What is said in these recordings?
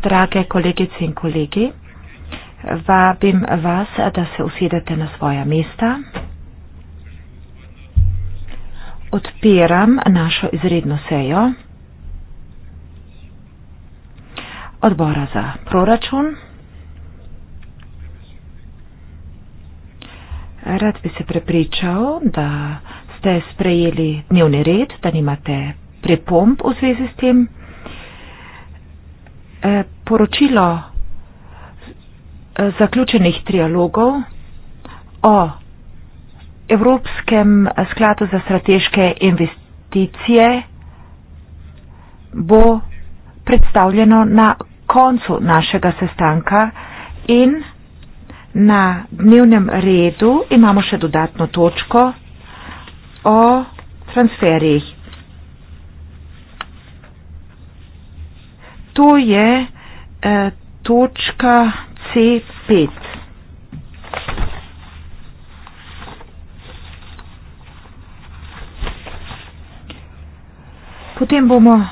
Drage kolegice in kolegi, vabim vas, da se usidete na svoja mesta. Odpiram našo izredno sejo odbora za proračun. Rad bi se prepričal, da ste sprejeli dnevni red, da nimate prepomb v zvezi s tem. Eh, poročilo zaključenih trialogov o Evropskem skladu za strateške investicije bo predstavljeno na koncu našega sestanka in na dnevnem redu imamo še dodatno točko o transferjih. to je e, točka C5. Potem bomo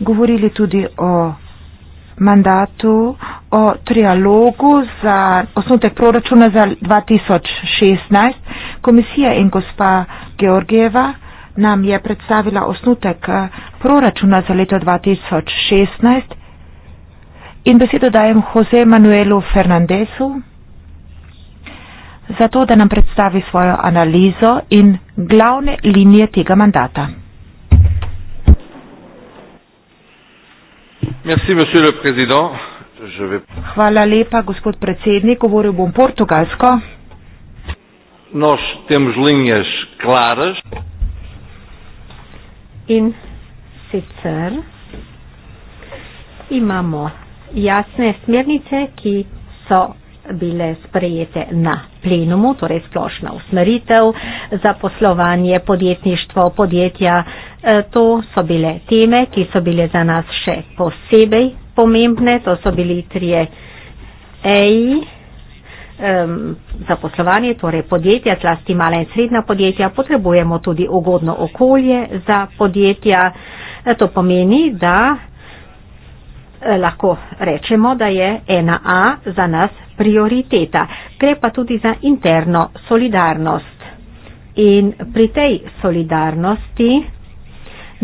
govorili tudi o mandatu, o trialogu za osnutek proračuna za 2016. Komisija in gospa Georgieva nam je predstavila osnutek uh, proračuna za leto 2016 in besedo dajem Jose Manuelu Fernandezu za to, da nam predstavi svojo analizo in glavne linije tega mandata. Merci, Hvala lepa, gospod predsednik. Govoril bom portugalsko. Nos temos linhas claras. In sicer imamo jasne smernice, ki so bile sprejete na plenumu, torej splošna usmeritev za poslovanje, podjetništvo, podjetja. E, to so bile teme, ki so bile za nas še posebej pomembne. To so bili trije EI um, za poslovanje, torej podjetja, zlasti mala in srednja podjetja. Potrebujemo tudi ugodno okolje za podjetja. E, to pomeni, da e, lahko rečemo, da je 1A za nas prioriteta. Gre pa tudi za interno solidarnost. In pri tej solidarnosti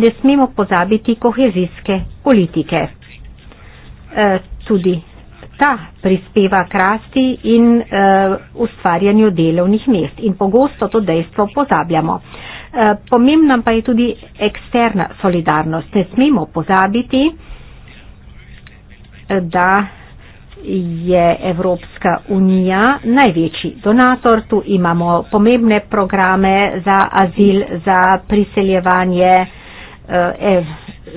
ne smemo pozabiti kohezijske politike. E, tudi ta prispeva k rasti in ustvarjanju delovnih mest. In pogosto to dejstvo pozabljamo. Eh, pomembna pa je tudi eksterna solidarnost. Ne smemo pozabiti, da je Evropska unija največji donator. Tu imamo pomembne programe za azil, za priseljevanje eh,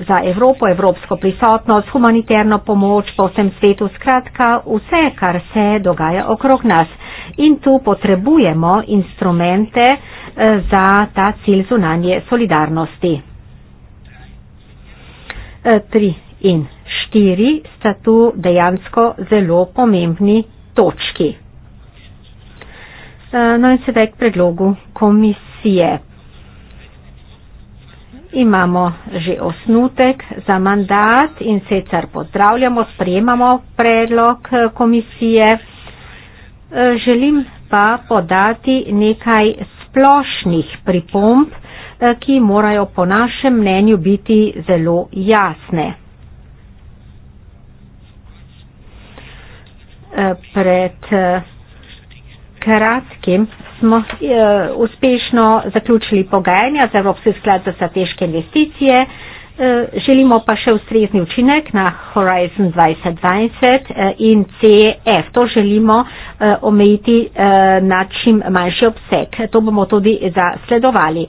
za Evropo, evropsko prisotnost, humanitarno pomoč po vsem svetu, skratka vse, kar se dogaja okrog nas in tu potrebujemo instrumente eh, za ta cilj zunanje solidarnosti. Eh, tri in štiri sta tu dejansko zelo pomembni točki. Eh, no in sedaj k predlogu komisije. Imamo že osnutek za mandat in sicer pozdravljamo, sprejemamo predlog komisije. Eh, želim pa podati nekaj splošnih pripomb, eh, ki morajo po našem mnenju biti zelo jasne. Eh, pred kratkim smo uspešno zaključili pogajanja za Evropski sklad za strateške investicije. Želimo pa še ustrezni učinek na Horizon 2020 in CEF. To želimo Eh, omejiti eh, na čim manjši obseg. To bomo tudi zasledovali.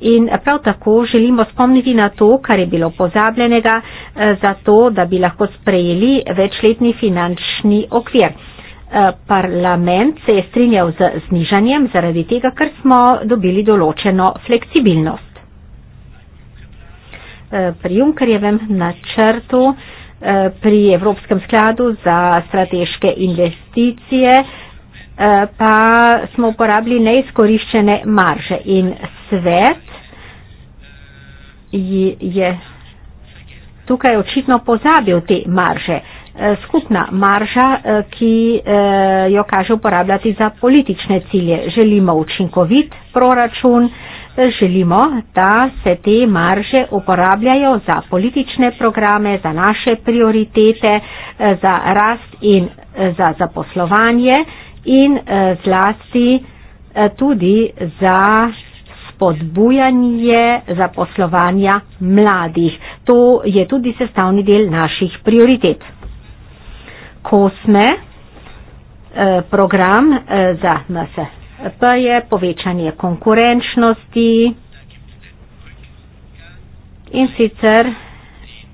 In prav tako želimo spomniti na to, kar je bilo pozabljenega, eh, zato da bi lahko sprejeli večletni finančni okvir. Parlament se je strinjal z znižanjem zaradi tega, ker smo dobili določeno fleksibilnost. Pri Junkerjevem načrtu Eh, pri Evropskem skladu za strateške investicije, eh, pa smo uporabili neizkoriščene marže in svet je tukaj očitno pozabil te marže. Eh, skupna marža, ki jo kaže uporabljati za politične cilje. Želimo učinkovit proračun, želimo, da se te marže uporabljajo za politične programe, za naše prioritete, eh, za rast in eh, za zaposlovanje in eh, zlasti tudi za spodbujanje zaposlovanja mladih. To je tudi sestavni del naših prioritet. Kosme, program za MSF pa je povečanje konkurenčnosti. In sicer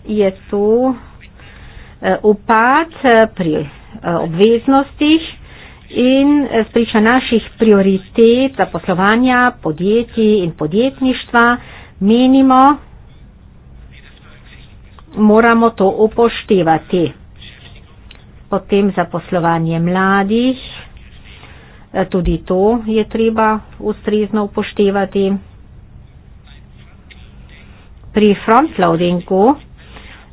je tu eh, upad eh, pri eh, obveznostih in spriča naših prioritet zaposlovanja podjetij in podjetništva, menimo, moramo to upoštevati. Potem zaposlovanje mladih, Eh, tudi to je treba ustrezno upoštevati. Pri frontloadingu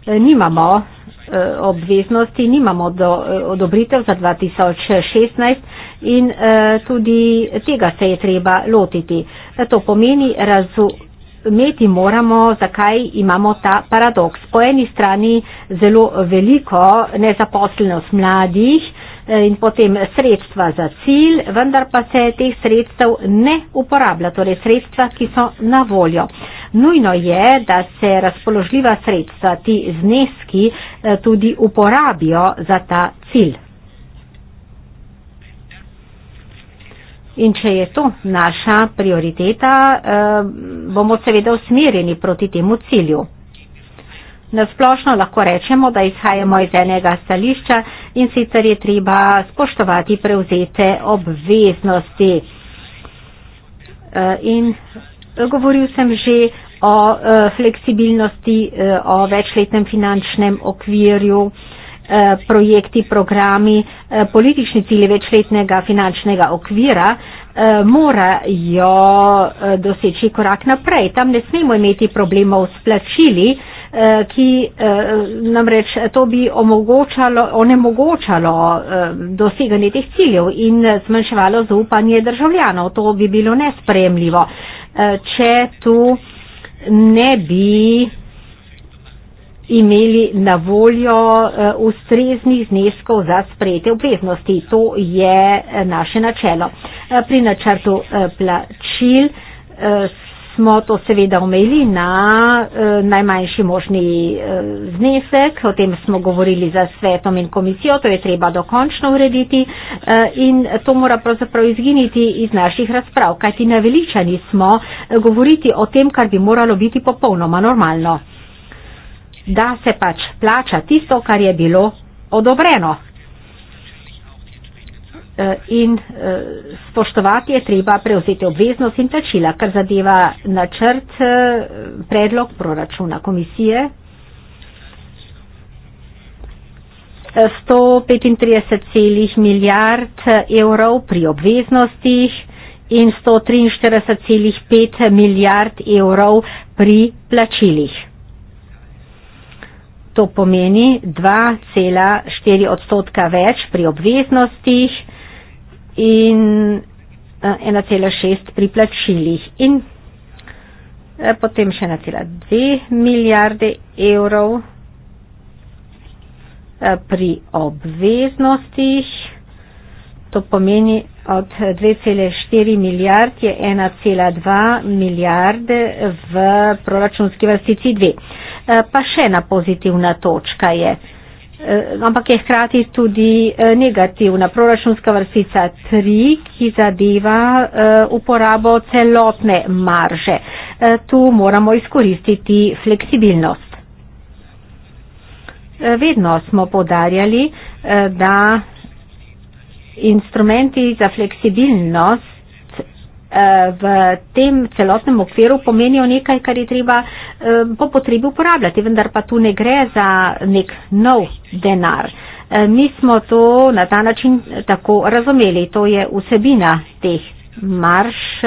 eh, nimamo eh, obveznosti, nimamo do, odobritev za 2016 in tudi tega se je treba lotiti. To pomeni, razumeti moramo, zakaj imamo ta paradoks. Po eni strani zelo veliko nezaposlenost mladih, Eh, in potem sredstva za cilj, vendar pa se teh sredstev ne uporablja, torej sredstva, ki so na voljo. Nujno je, da se razpoložljiva sredstva, ti zneski, eh, tudi uporabijo za ta cilj. In če je to naša prioriteta, eh, bomo seveda usmerjeni proti temu cilju. Nasplošno lahko rečemo, da izhajamo iz enega stališča, in sicer je treba spoštovati prevzete obveznosti. E, in govoril sem že o e, fleksibilnosti, e, o večletnem finančnem okvirju, projekti, programi, politični cilji večletnega finančnega okvira morajo doseči korak naprej. Tam ne smemo imeti problemov s plačili, Eh, ki eh, namreč to bi onemogočalo eh, doseganje teh ciljev in zmanjševalo zaupanje državljanov. To bi bilo nespremljivo, če tu ne bi imeli na voljo ustreznih zneskov za sprejete obveznosti. To je naše načelo. Pri načrtu plačil smo to seveda omejili na eh, najmanjši možni eh, znesek, o tem smo govorili za svetom in komisijo, to je treba dokončno urediti eh, in to mora pravzaprav izginiti iz naših razprav, kajti naveličani smo eh, govoriti o tem, kar bi moralo biti popolnoma normalno. Da se pač plača tisto, kar je bilo odobreno. Eh, in eh, spoštovati je treba prevzeti obveznost in tačila, kar zadeva načrt eh, predlog proračuna komisije. 135,5 milijard evrov pri obveznostih in 143,5 milijard evrov pri plačilih. To pomeni 2,4 odstotka več pri obveznostih in uh, eh, 1,6 pri plačilih. In eh, Potem še 1,2 milijarde evrov eh, pri obveznostih. To pomeni od 2,4 milijard je 1,2 milijarde v proračunski vrstici 2. Pa še ena pozitivna točka je. Eh, ampak je hkrati tudi eh, negativna. Proračunska vrstica 3, ki zadeva eh, uporabo celotne marže. Tu moramo izkoristiti fleksibilnost. Vedno smo podarjali, da instrumenti za fleksibilnost Eh, v tem celostnem okviru pomenijo nekaj, kar je treba po eh, potrebi uporabljati, vendar pa tu ne gre za nek nov denar. Eh, mi smo to na ta način tako razumeli. To je vsebina teh marš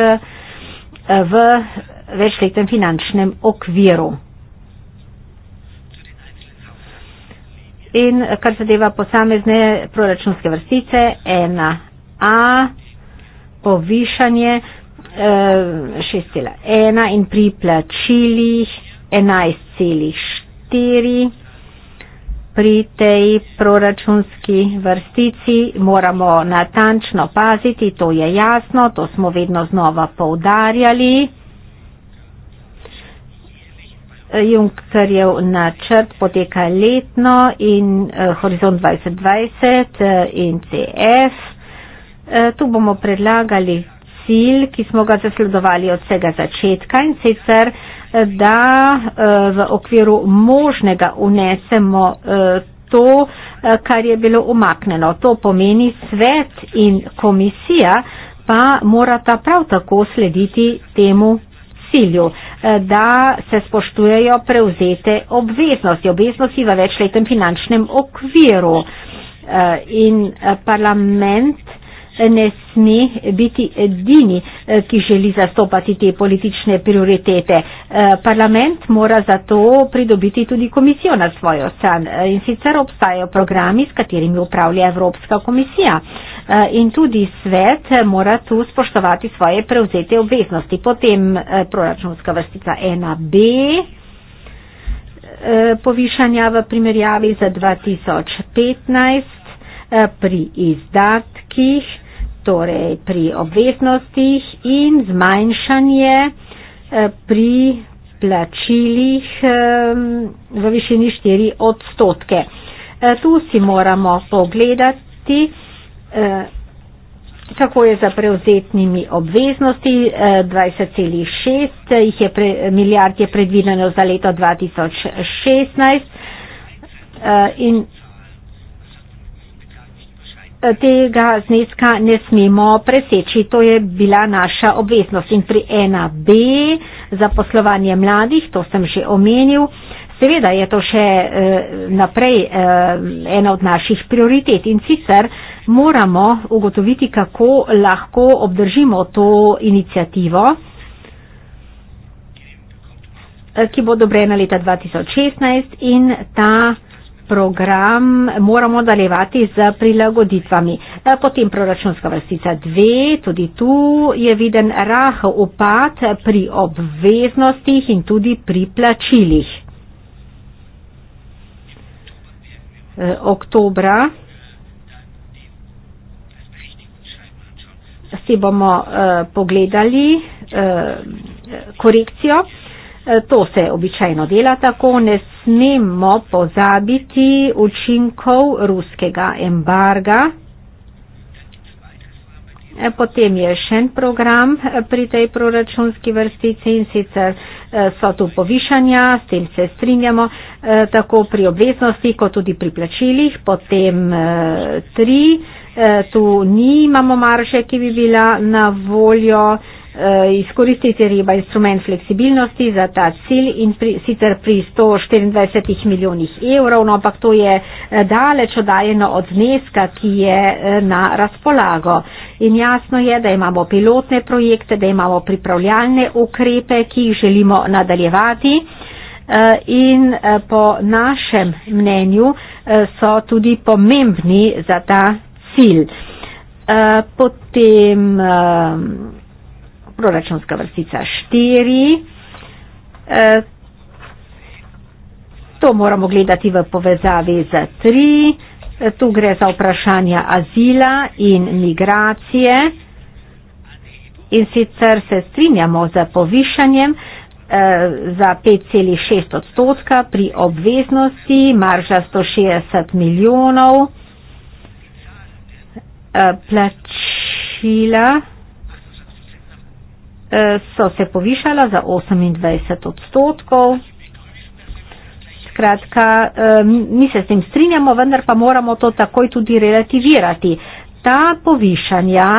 v večletnem finančnem okviru. In kar zadeva posamezne proračunske vrstice, 1A, povišanje e, eh, 6,1 in pri plačilih 11,4. Pri tej proračunski vrstici moramo natančno paziti, to je jasno, to smo vedno znova poudarjali. Junckerjev načrt poteka letno in eh, horizont 2020 eh, in CF. Eh, tu bomo predlagali cilj, ki smo ga zasledovali od vsega začetka in sicer, eh, da eh, v okviru možnega unesemo to, kar je bilo umaknjeno. To pomeni svet in komisija pa morata prav tako slediti temu cilju, da se spoštujejo prevzete obveznosti, obveznosti v večletnem finančnem okviru. In parlament ne smi biti edini, eh, ki želi zastopati te politične prioritete. Eh, parlament mora zato pridobiti tudi komisijo na svojo stran eh, in sicer obstajajo programi, s katerimi upravlja Evropska komisija. In tudi svet mora tu spoštovati svoje prevzete obveznosti. Potem proračunska vrstica 1B povišanja v primerjavi za 2015 pri izdatkih torej pri obveznostih in zmanjšanje eh, pri plačilih ehm, v višini 4 odstotke. Eh, tu si moramo pogledati, eh, kako je za prevzetnimi obveznosti. 20,6 jih je pre, milijard je predvideno za leto 2016 in tega zneska ne smemo preseči. To je bila naša obveznost. In pri 1B za poslovanje mladih, to sem že omenil, seveda je to še eh, naprej eh, ena od naših prioritet. In sicer moramo ugotoviti, kako lahko obdržimo to inicijativo eh, ki bo odobrena leta 2016 in ta program moramo daljevati z prilagoditvami. E, potem proračunska vrstica dve, tudi tu je viden rah upad pri obveznostih in tudi pri plačilih. E, oktobra si bomo e, pogledali korekcijo. To se običajno dela tako, ne smemo pozabiti učinkov ruskega embarga. E, potem je še en program pri tej proračunski vrstici in sicer e, so tu povišanja, s tem se strinjamo, e, tako pri obveznosti kot tudi pri plačilih. Potem tri, tu nimamo marže, ki bi bila na voljo. Eh, izkoristiti riba instrument fleksibilnosti za ta cilj in pri, sicer pri 124 milijonih evrov, no ampak to je eh, daleč odajeno od zneska, ki je eh, na razpolago. In jasno je, da imamo pilotne projekte, da imamo pripravljalne ukrepe, ki jih želimo nadaljevati. In po našem mnenju so tudi pomembni za ta cilj. Potem proračunska vrstica 4. E, to moramo gledati v povezavi z 3. E, tu gre za vprašanja azila in migracije. In sicer se strinjamo z povišanjem e, za 5,6 odstotka pri obveznosti, marža 160 milijonov, e, plačila Eh, so se povišala za 28 odstotkov. Skratka, eh, mi se s tem strinjamo, vendar pa moramo to takoj tudi relativirati. Ta povišanja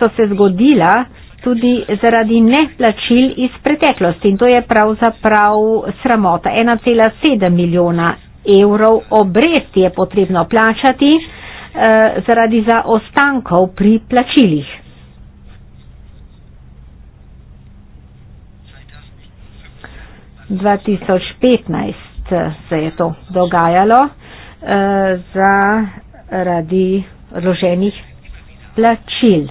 so se zgodila tudi zaradi neplačil iz preteklosti in to je pravzaprav sramota. 1,7 milijona evrov obresti je potrebno plačati eh, zaradi zaostankov pri plačilih. 2015 eh, se je to dogajalo eh, zaradi loženih plačil.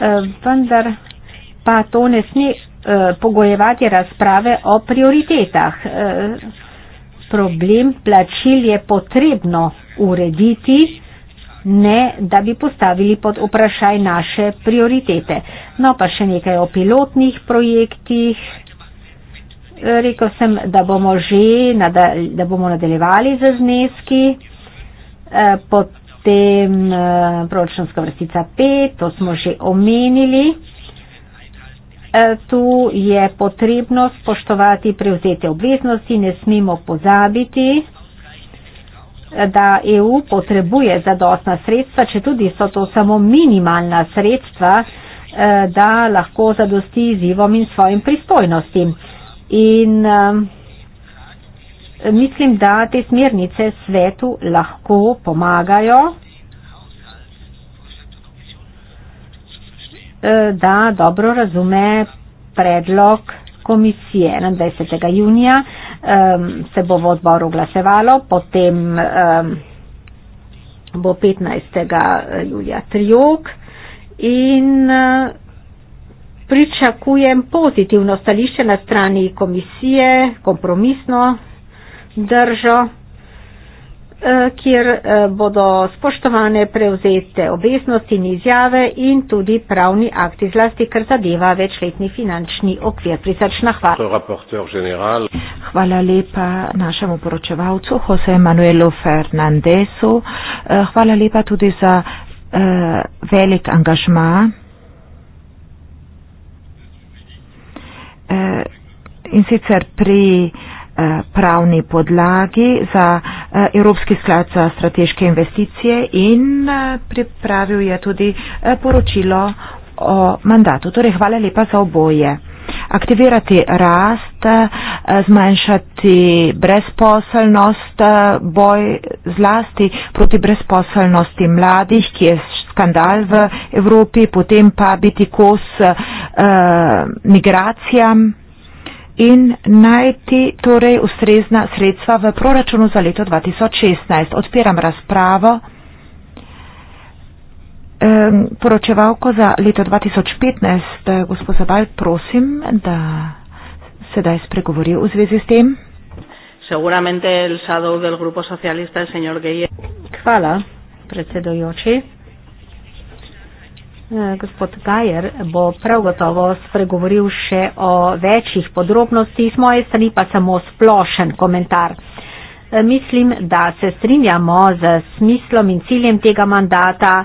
Eh, vendar pa to ne sme pogojevati razprave o prioritetah. Problem plačil je potrebno urediti, ne da bi postavili pod vprašaj naše prioritete. No pa še nekaj o pilotnih projektih. Rekel sem, da bomo že, da bomo nadaljevali z zneski, eh, potem eh, proračunska vrstica 5, to smo že omenili. Eh, tu je potrebno spoštovati prevzete obveznosti, ne smemo pozabiti da EU potrebuje zadostna sredstva, če tudi so to samo minimalna sredstva, eh, da lahko zadosti izzivom in svojim pristojnostim. In eh, mislim, da te smernice svetu lahko pomagajo, eh, da dobro razume predlog komisije 21. junija um, se bo v odboru glasevalo, potem um, bo 15. Eh, julija triok in uh, pričakujem pozitivno stališče na strani komisije, kompromisno držo. Eh, kjer eh, bodo spoštovane preuzete obveznosti in izjave in tudi pravni akti zlasti, kar zadeva večletni finančni okvir. Prisrčna hvala. Hvala lepa našemu poročevalcu Jose Manuelu Fernandesu. Eh, hvala lepa tudi za uh, velik angažma. In sicer pri eh, pravni podlagi za eh, Eh, Evropski sklad za strateške investicije in eh, pripravil je tudi eh, poročilo o mandatu. Torej, hvala lepa za oboje. Aktivirati rast, zmanjšati brezposelnost, boj zlasti proti brezposelnosti mladih, ki je skandal v Evropi, potem pa biti kos eh, migracijam in najti torej ustrezna sredstva v proračunu za leto 2016. Odpiram razpravo. Poročevalko za leto 2015, eh, gospod Zabaj, prosim, da sedaj spregovori v zvezi s tem. Hvala, predsedojoči. Gospod Gajer bo prav gotovo spregovoril še o večjih podrobnostih, z moje strani pa samo splošen komentar. E, mislim, da se strinjamo z smislom in ciljem tega mandata. E,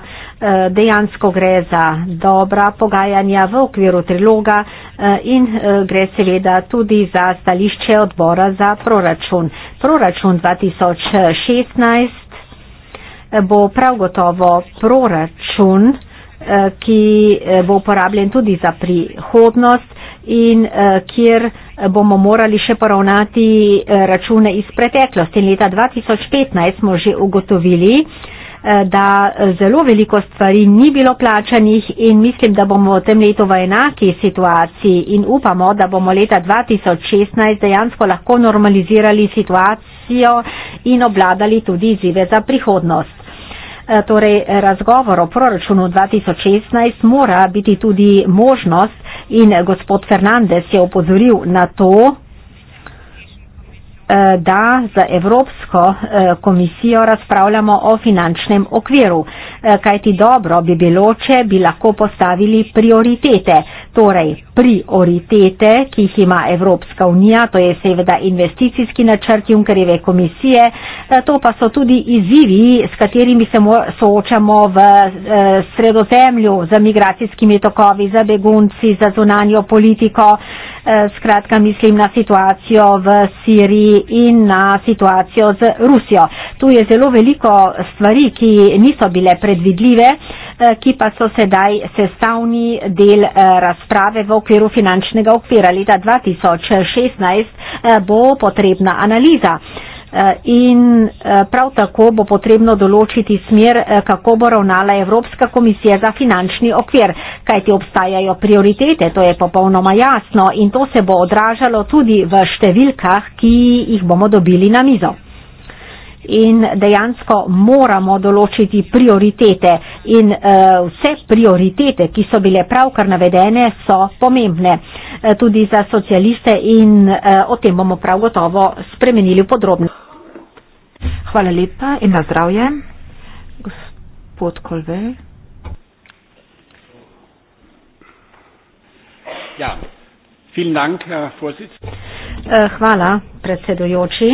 dejansko gre za dobra pogajanja v okviru triloga e, in gre seveda tudi za stališče odbora za proračun. Proračun 2016 bo prav gotovo proračun Eh, ki eh, bo uporabljen tudi za prihodnost in eh, kjer bomo morali še poravnati račune iz preteklosti. In leta 2015 smo že ugotovili, da zelo veliko stvari ni bilo plačanih in mislim, da bomo v tem letu v enaki situaciji in upamo, da bomo leta 2016 dejansko lahko normalizirali situacijo in obladali tudi izzive za prihodnost. Eh, torej razgovor o proračunu 2016 mora biti tudi možnost in gospod Fernandez je opozoril na to, eh, da za Evropsko eh, komisijo razpravljamo o finančnem okviru, kajti dobro bi bilo, če bi lahko postavili prioritete. Torej, prioritete, ki jih ima Evropska unija, to je seveda investicijski načrt Junkereve komisije, Eh, to pa so tudi izzivi, s katerimi se soočamo v eh, sredozemlju, z migracijskimi tokovi, z begunci, z zunanjo politiko. Eh, skratka, mislim na situacijo v Siriji in na situacijo z Rusijo. Tu je zelo veliko stvari, ki niso bile predvidljive, ki pa so sedaj sestavni del razprave v okviru finančnega okvira. Leta 2016 bo potrebna analiza. Eh, in eh, prav tako bo potrebno določiti smer, eh, kako bo ravnala Evropska komisija za finančni okvir, kajti obstajajo prioritete, to je popolnoma jasno in to se bo odražalo tudi v številkah, ki jih bomo dobili na mizo. In dejansko moramo določiti prioritete in uh, vse prioritete, ki so bile pravkar navedene, so pomembne uh, tudi za socialiste in uh, o tem bomo prav gotovo spremenili podrobno. Hvala lepa in na zdravje. Gospod Kolvej. Ja. Vielen Dank, eh, Hvala, predsedujoči.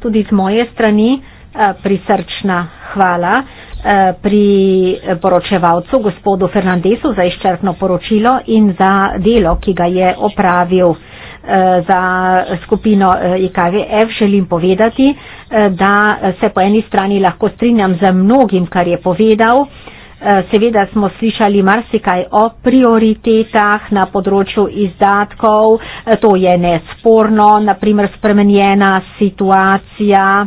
Tudi z moje strani eh, prisrčna hvala eh, pri poročevalcu gospodu Fernandesu za izčrpno poročilo in za delo, ki ga je opravil. Eh, za skupino IKVF eh, želim povedati, eh, da se po eni strani lahko strinjam za mnogim, kar je povedal. Seveda smo slišali marsikaj o prioritetah na področju izdatkov, to je nesporno, naprimer spremenjena situacija,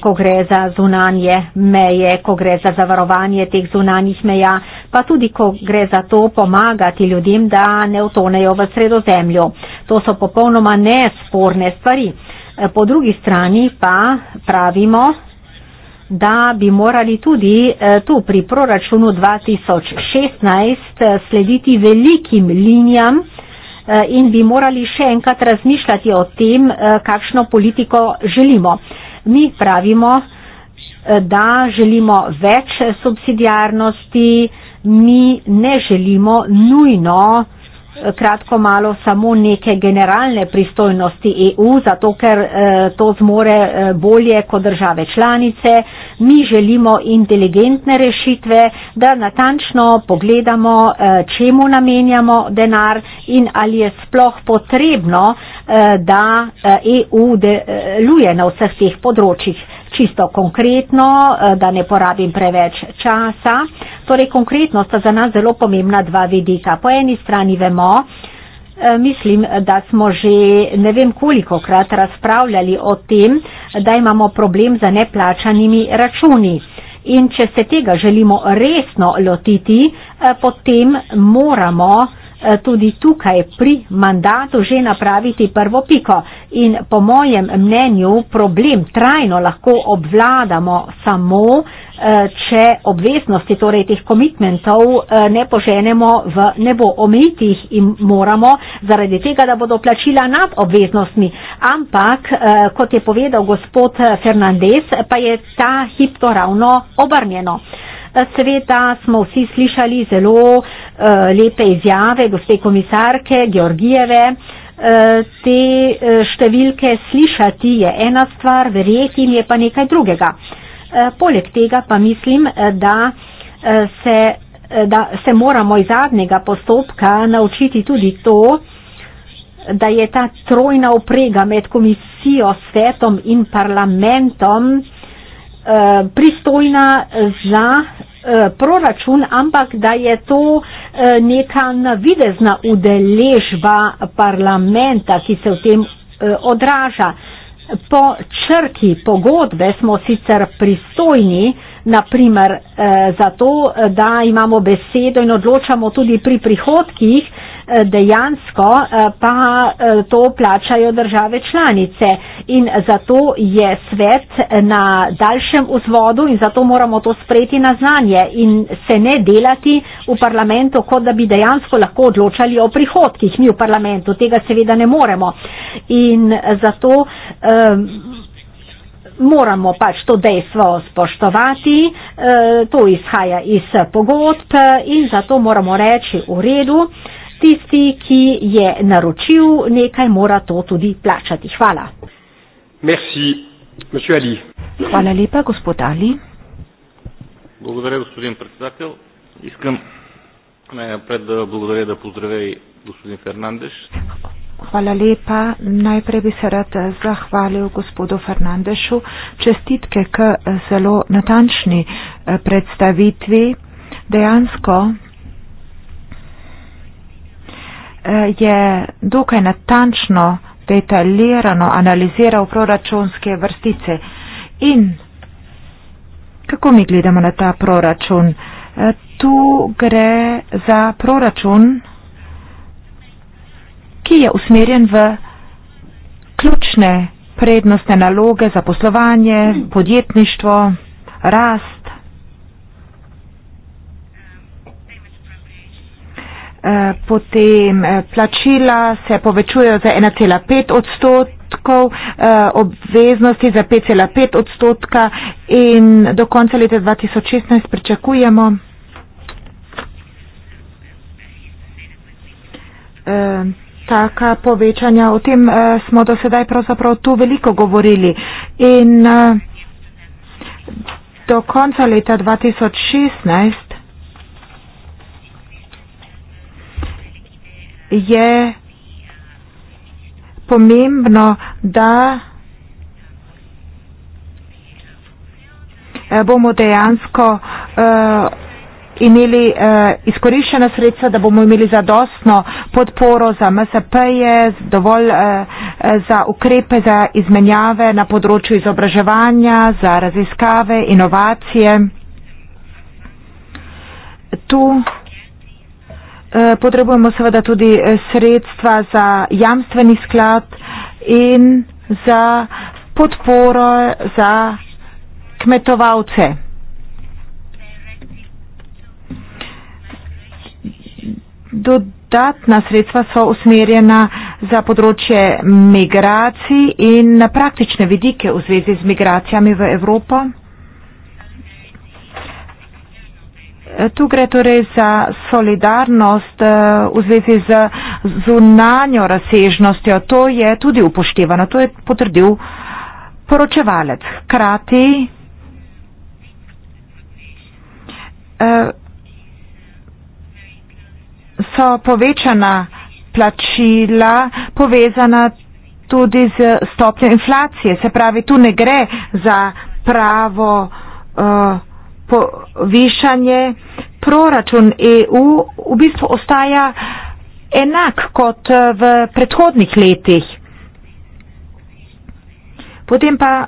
ko gre za zunanje meje, ko gre za zavarovanje teh zunanjih meja pa tudi, ko gre za to pomagati ljudem, da ne utonejo v sredozemlju. To so popolnoma nesporne stvari. E, po drugi strani pa pravimo, da bi morali tudi e, tu pri proračunu 2016 e, slediti velikim linijam in bi morali še enkrat razmišljati o tem, kakšno politiko želimo. Mi pravimo, da želimo več subsidijarnosti, mi ne želimo nujno eh, kratko malo samo neke generalne pristojnosti EU, zato ker eh, to zmore eh, bolje kot države članice. Mi želimo inteligentne rešitve, da natančno pogledamo, čemu namenjamo denar in ali je sploh potrebno, da EU e deluje na vseh teh področjih. Čisto konkretno, da ne porabim preveč časa, Torej, konkretno sta za nas zelo pomembna dva vidika. Po eni strani vemo, eh, mislim, da smo že ne vem koliko krat razpravljali o tem, da imamo problem za neplačanimi računi. In če se tega želimo resno lotiti, eh, potem moramo eh, tudi tukaj pri mandatu že napraviti prvo piko. In po mojem mnenju problem trajno lahko obvladamo samo, Eh, če obveznosti, torej teh komitmentov, eh, ne poženemo v nebo. Omejiti jih in moramo zaradi tega, da bodo plačila nad obveznostmi. Ampak, eh, kot je povedal gospod Fernandez, pa je ta hip to ravno obrnjeno. Sveta smo vsi slišali zelo lepe izjave gospe komisarke Georgijeve. Te številke slišati je ena stvar, verjeti jim je pa nekaj drugega. Eh, poleg tega pa mislim, eh, da eh, se, da se moramo iz zadnjega postopka naučiti tudi to, da je ta trojna uprega med komisijo, svetom in parlamentom pristojna za proračun, ampak da je to neka navidezna udeležba parlamenta, ki se v tem odraža po črki pogodbe smo sicer pristojni, naprimer eh, zato, eh, da imamo besedo in odločamo tudi pri prihodkih, eh, dejansko eh, pa eh, to plačajo države članice. In zato je svet na daljšem vzvodu in zato moramo to sprejeti na znanje in se ne delati v parlamentu, kot da bi dejansko lahko odločali o prihodkih. Mi v parlamentu tega seveda ne moremo. In zato ehm, moramo pač to dejstvo spoštovati, eh, to izhaja iz pogodb in zato moramo reči v redu, tisti, ki je naročil nekaj, mora to tudi plačati. Hvala. Merci, monsieur Ali. Hvala lepa, gospod Ali. Благодаря, господин председател. Искам най-напред да благодаря да поздравей господин Фернандеш. Хвала лепа. Най-пред би се рад захвалил господу Фернандешу. Честитке к зело натанчни представитви. Деянско, je dokaj natančno, detaljirano analiziral proračunske vrstice. In kako mi gledamo na ta proračun? E, tu gre za proračun, ki je usmerjen v ključne prednostne naloge za poslovanje, podjetništvo, rast. Eh, potem eh, plačila se povečujejo za 1,5 odstotkov, eh, obveznosti za 5,5 odstotka in do konca leta 2016 pričakujemo taka povečanja. O tem smo do sedaj pravzaprav tu veliko govorili. In do konca leta 2016 je pomembno, da bomo dejansko uh, imeli uh, izkoriščena sredstva, da bomo imeli zadostno podporo za MSP-je, dovolj uh, za ukrepe, za izmenjave na področju izobraževanja, za raziskave, inovacije. Tu Eh, potrebujemo seveda tudi eh, sredstva za jamstveni sklad in za podporo za kmetovalce. Dodatna sredstva so usmerjena za področje migracij in na praktične vidike v zvezi z migracijami v Evropo. Tu gre torej za solidarnost eh, v zvezi z zunanjo razsežnostjo. To je tudi upoštevano, to je potrdil poročevalec. Hkrati eh, so povečana plačila povezana tudi z stopnjo inflacije. Se pravi, tu ne gre za pravo. Uh, povišanje proračun EU v bistvu ostaja enak kot eh, v predhodnih letih. Potem pa eh,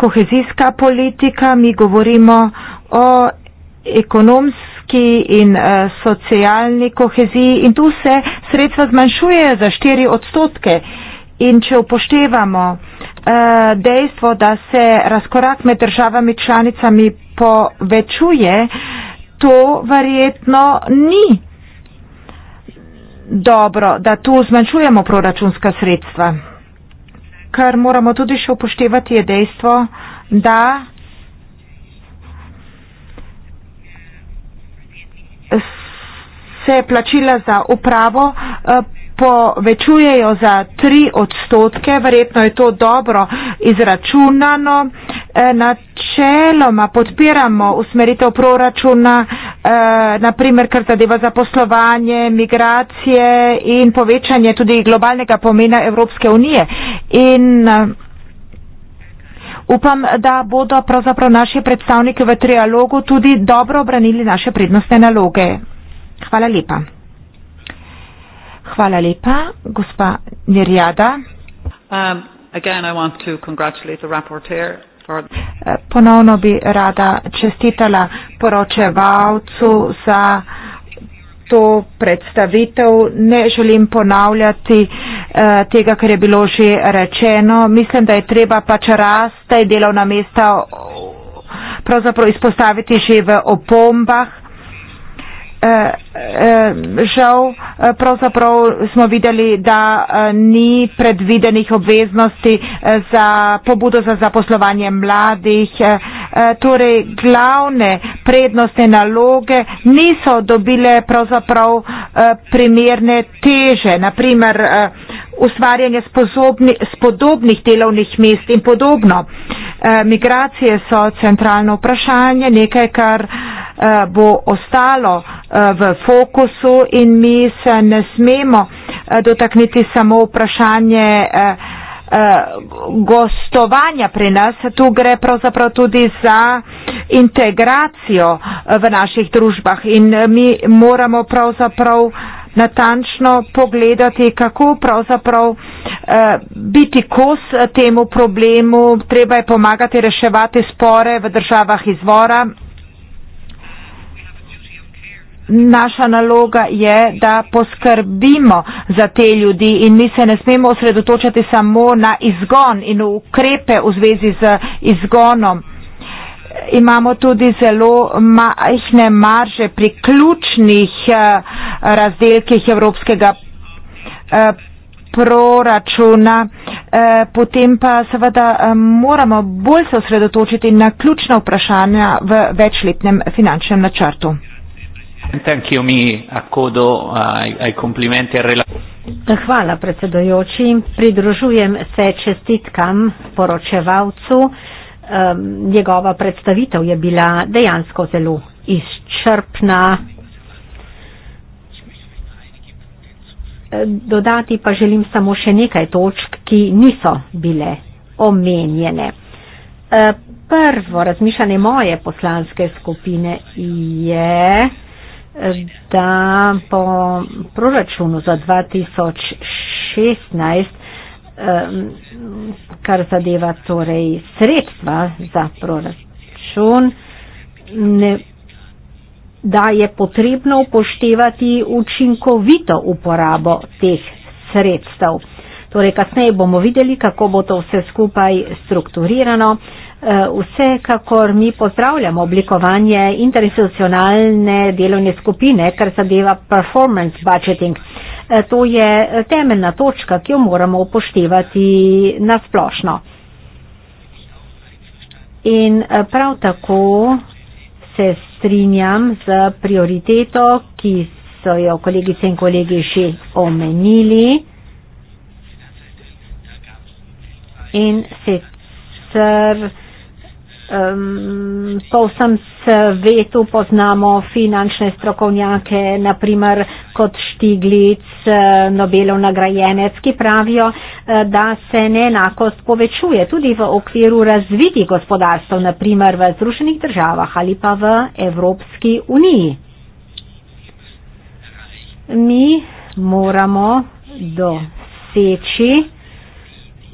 kohezijska politika, mi govorimo o ekonomski in eh, socialni koheziji in tu se sredstva zmanjšuje za 4 odstotke. In če upoštevamo dejstvo, da se razkorak med državami članicami povečuje, to verjetno ni dobro, da tu zmanjšujemo proračunska sredstva. Kar moramo tudi še upoštevati je dejstvo, da se plačila za upravo eh, povečujejo za tri odstotke. Verjetno je to dobro izračunano. Uh, Eh, načeloma podpiramo usmeritev proračuna, eh, naprimer, kar zadeva zaposlovanje, migracije in povečanje tudi globalnega pomena Evropske unije. In eh, upam, da bodo pravzaprav naši predstavniki v trialogu tudi dobro obranili naše prednostne naloge. Hvala lepa. Hvala lepa, gospa Nirjada. Um, again, I want to congratulate the rapporteur Eh, ponovno bi rada čestitala poročevalcu za to predstavitev. Ne želim ponavljati eh, tega, kar je bilo že rečeno. Mislim, da je treba pač raste delovna mesta pravzaprav izpostaviti že v opombah. Eh, eh, žal eh, pravzaprav smo videli, da ni predvidenih obveznosti za pobudo za zaposlovanje mladih. Torej, glavne prednostne naloge niso dobile pravzaprav primerne teže. Naprimer, ustvarjanje spodobnih delovnih mest in podobno. Migracije so centralno vprašanje, nekaj, kar bo ostalo Eh, v fokusu in mi se ne smemo eh, dotakniti samo vprašanje eh, gostovanja pri nas. Tu gre pravzaprav tudi za integracijo v naših družbah in mi moramo pravzaprav natančno pogledati, kako pravzaprav biti kos temu problemu. Treba je pomagati reševati spore v državah izvora naša naloga je, da poskrbimo za te ljudi in mi se ne smemo osredotočati samo na izgon in ukrepe v zvezi z izgonom. Imamo tudi zelo majhne marže pri ključnih eh, razdelkih evropskega eh, proračuna, eh, potem pa seveda moramo bolj se osredotočiti na ključna vprašanja v večletnem finančnem načrtu. Presidente, anch'io mi accodo ai, ai complimenti al e relatore. Hvala predsedojoči. Pridružujem se čestitkam poročevalcu. Um, njegova predstavitev je bila dejansko zelo izčrpna. Dodati pa želim samo še nekaj točk, ki niso bile omenjene. Prvo razmišljanje moje poslanske skupine je da po proračunu za 2016, kar zadeva torej sredstva za proračun, ne, da je potrebno upoštevati učinkovito uporabo teh sredstev. Torej, kasneje bomo videli, kako bo to vse skupaj strukturirano. Eh, vsekakor mi pozdravljamo oblikovanje interinstitucionalne delovne skupine, kar zadeva performance budgeting. Eh, to je temeljna točka, ki jo moramo upoštevati nasplošno. In eh, prav tako se strinjam z prioriteto, ki so jo kolegice in kolegi že omenili. In sicer um, po vsem svetu poznamo finančne strokovnjake, naprimer kot Štiglic, Nobelov nagrajenec, ki pravijo, eh, da se neenakost povečuje tudi v okviru razviti gospodarstv, naprimer v Združenih državah ali pa v Evropski uniji. Mi moramo doseči,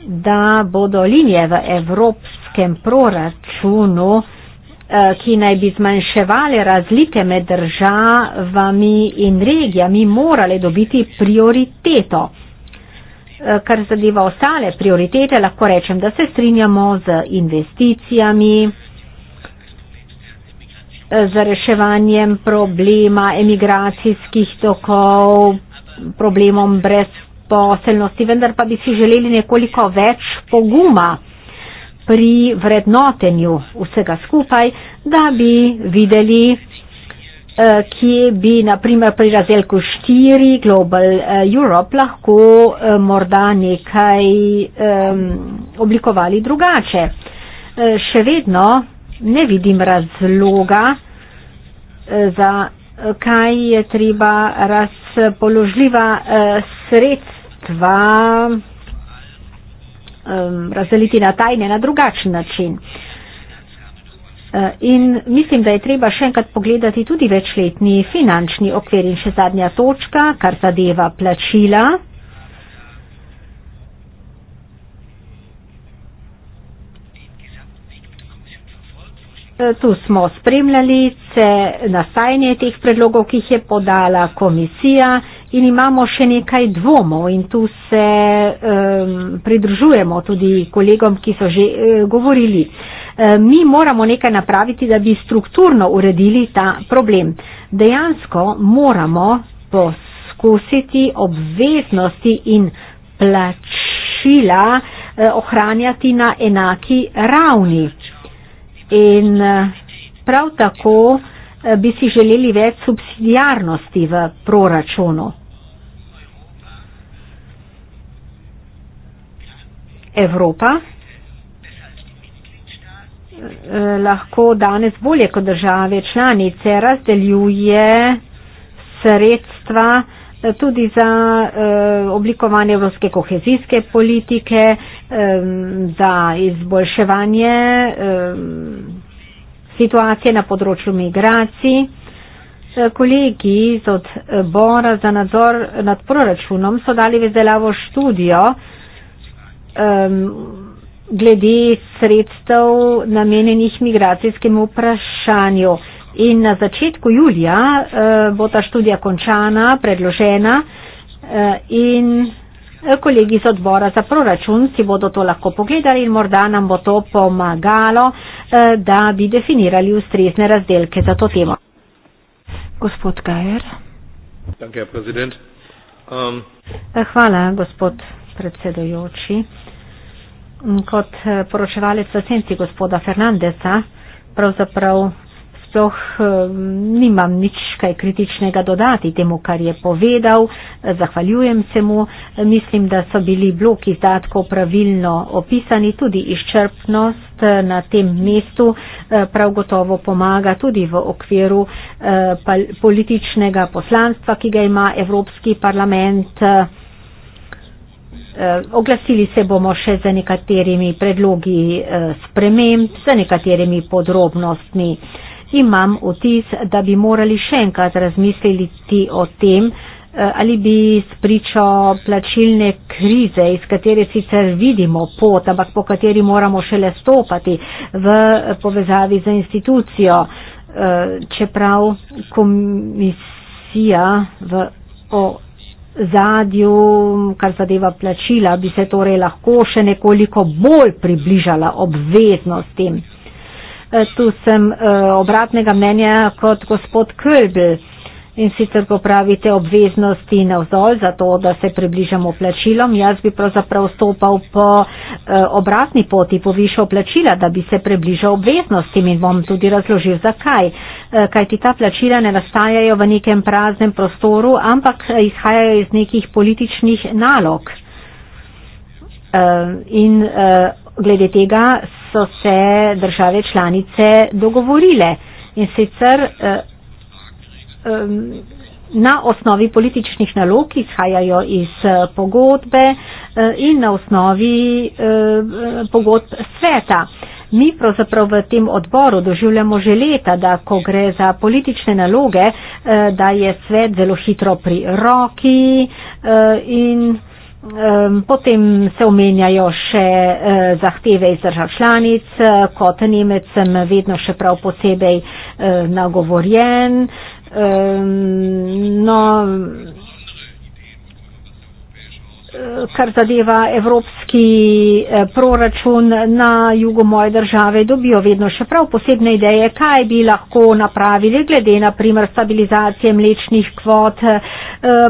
da bodo linije v Evropi vsakem proračunu, eh, ki naj bi zmanjševali razlike med državami in regijami, morali dobiti prioriteto. Eh, kar zadeva ostale prioritete, lahko rečem, da se strinjamo z investicijami, eh, z reševanjem problema emigracijskih tokov, problemom brezposelnosti, vendar pa bi si želeli nekoliko več poguma pri vrednotenju vsega skupaj, da bi videli, eh, kje bi naprimer pri razdelku 4 Global eh, Europe lahko eh, morda nekaj oblikovali drugače. Še vedno ne vidim razloga, za kaj je treba razpoložljiva sredstva um, razdeliti na tajne na drugačen način. Uh, in mislim, da je treba še enkrat pogledati tudi večletni finančni okvir in še zadnja točka, kar zadeva plačila. Uh, tu smo spremljali nastajanje teh predlogov, ki jih je podala komisija in imamo še nekaj dvomov in tu se um, pridružujemo tudi kolegom, ki so že uh, govorili. Mi moramo nekaj napraviti, da bi strukturno uredili ta problem. Dejansko moramo poskusiti obveznosti in plačila eh, ohranjati na enaki ravni. In eh, prav tako bi si želeli več subsidijarnosti v proračunu. Evropa eh, lahko danes bolje kot države članice razdeljuje sredstva eh, tudi za eh, oblikovanje evropske kohezijske politike, za izboljševanje situacije na področju migracij. Kolegi iz odbora za nadzor nad proračunom so dali v izdelavo študijo, um, glede sredstev namenjenih migracijskemu vprašanju. In na začetku julija uh, bo ta študija končana, predložena uh, in eh, kolegi iz odbora za proračun si bodo to lahko pogledali in morda nam bo to pomagalo, uh, da bi definirali ustrezne razdelke za to temo. Gospod Gajer. Um. Hvala, gospod predsedojoči. Mm, kot eh, poročevalec v senci gospoda Fernandeza, pravzaprav sploh eh, nimam nič kaj kritičnega dodati temu, kar je povedal, zahvaljujem se mu, mislim, da so bili bloki izdatkov pravilno opisani, tudi izčrpnost eh, na tem mestu prav gotovo pomaga tudi v okviru političnega poslanstva, ki ga ima Evropski parlament. Eh, oglasili se bomo še za nekaterimi predlogi eh, sprememb, za nekaterimi podrobnostmi. Imam vtis, da bi morali še enkrat razmisliti o tem, eh, ali bi spričo plačilne krize, iz katere sicer vidimo pot, ampak po kateri moramo šele stopati v povezavi z institucijo, čeprav komisija v. O zadju, kar zadeva plačila, bi se torej lahko še nekoliko bolj približala obveznostim. E, tu sem e, obratnega mnenja kot gospod Krbl in sicer ko pravite obveznosti navzdolj za to, da se približamo plačilom, jaz bi pravzaprav stopal po eh, obratni poti, po višjo plačila, da bi se približal obveznostim in bom tudi razložil, zakaj. Eh, kaj ti ta plačila ne nastajajo v nekem praznem prostoru, ampak eh, izhajajo iz nekih političnih nalog. Eh, in eh, glede tega so se države članice dogovorile. In sicer. Eh, Um, na osnovi političnih nalog, ki izhajajo iz uh, pogodbe uh, in na osnovi uh, pogodb sveta. Mi pravzaprav v tem odboru doživljamo že leta, da ko gre za politične naloge, da je svet zelo hitro pri roki in um, potem se omenjajo še zahteve iz držav članic, kot Nemec sem vedno še prav posebej nagovorjen no, kar zadeva evropski eh, proračun na jugu moje države, dobijo vedno še prav posebne ideje, kaj bi lahko napravili, glede na primer stabilizacije mlečnih kvot, eh,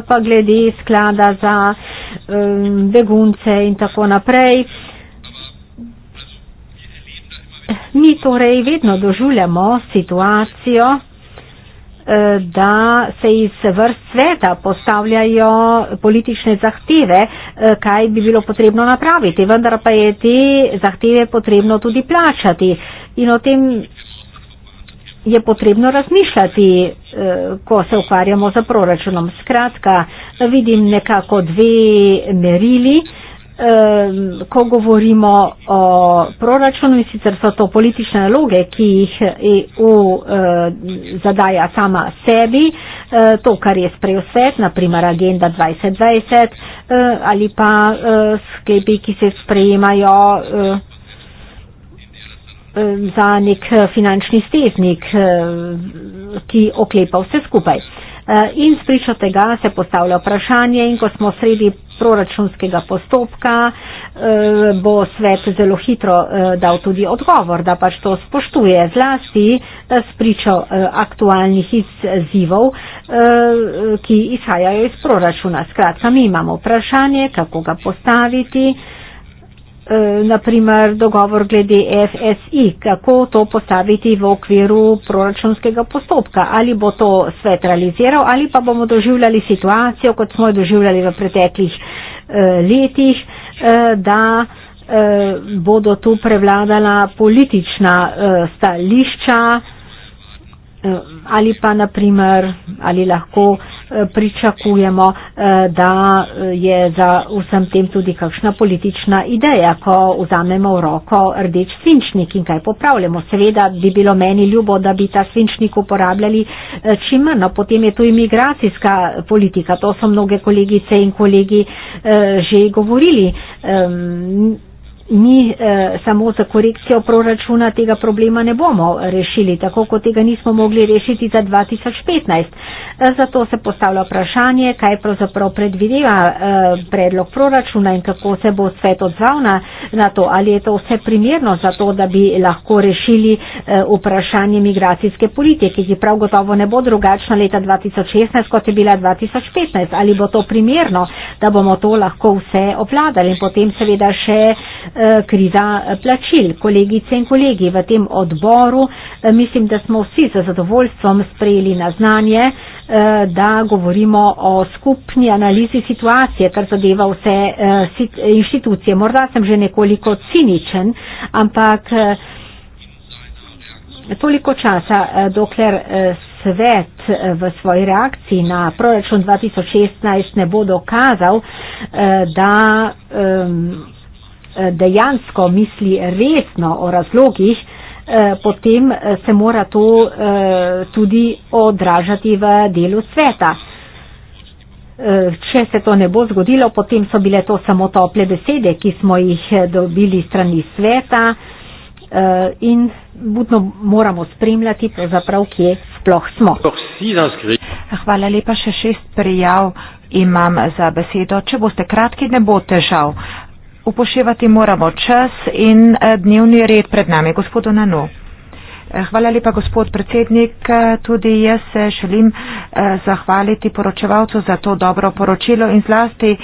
pa glede sklada za begunce in tako naprej. Mi torej vedno doživljamo situacijo, Eh, da se iz vrst sveta postavljajo politične zahteve, eh, kaj bi bilo potrebno napraviti, vendar pa je te zahteve potrebno tudi plačati. In o tem je potrebno razmišljati, eh, ko se ukvarjamo z proračunom. Skratka, vidim nekako dve merili. Ehm, ko govorimo o proračunu in sicer so to politične naloge, ki jih EU eh, zadaja sama sebi, eh, to, kar je sprejel svet, naprimer agenda 2020 eh, ali pa sklepi, ki se sprejemajo za nek finančni steznik, ki oklepa vse skupaj. In spričo tega se postavlja vprašanje in ko smo sredi proračunskega postopka eh, bo svet zelo hitro eh, dal tudi odgovor, da pač to spoštuje zlasti, da spričo eh, aktualnih izzivov, ki izhajajo iz proračuna. Skratka, mi imamo vprašanje, kako ga postaviti. Eh, naprimer dogovor glede FSI, kako to postaviti v okviru proračunskega postopka. Ali bo to svet realiziral ali pa bomo doživljali situacijo, kot smo jo doživljali v preteklih eh, letih, eh, da bodo tu prevladala politična stališča Eh, ali pa naprimer, ali lahko eh, pričakujemo, eh, da je za vsem tem tudi kakšna politična ideja, ko vzamemo v roko rdeč svinčnik in kaj popravljamo. Seveda bi bilo meni ljubo, da bi ta svinčnik uporabljali čim manj, no potem je tu imigracijska politika, to so mnoge kolegice in kolegi že govorili mi eh, samo za korekcijo proračuna tega problema ne bomo rešili, tako kot tega nismo mogli rešiti za 2015. Eh, zato se postavlja vprašanje, kaj pravzaprav predvideva eh, predlog proračuna in kako se bo svet odzval na, na to, ali je to vse primerno za to, da bi lahko rešili eh, vprašanje migracijske politike, ki prav gotovo ne bo drugačna leta 2016, kot je bila 2015. Ali bo to primerno, da bomo to lahko vse obladali in potem seveda še Eh, kriza plačil. Kolegice in kolegi, v tem odboru eh, mislim, da smo vsi z zadovoljstvom sprejeli na znanje, eh, da govorimo o skupni analizi situacije, kar zadeva vse inštitucije. Morda sem že nekoliko ciničen, ampak toliko časa, dokler svet v svoji reakciji na proračun 2016 ne bo dokazal, da. Um, Eh, dejansko misli resno o razlogih, eh, potem eh, se mora to tudi odražati v delu sveta. Če se to ne bo zgodilo, potem so bile to samo tople besede, ki smo jih dobili strani sveta in budno moramo spremljati, pravzaprav, kje sploh smo. Hvala lepa, še šest prijav imam za besedo. Če boste kratki, ne bo težav upoštevati moramo čas in eh, dnevni red pred nami. Gospod Onano. Eh, hvala lepa, gospod predsednik. Eh, tudi jaz se želim zahvaliti poročevalcu za to dobro poročilo in zlasti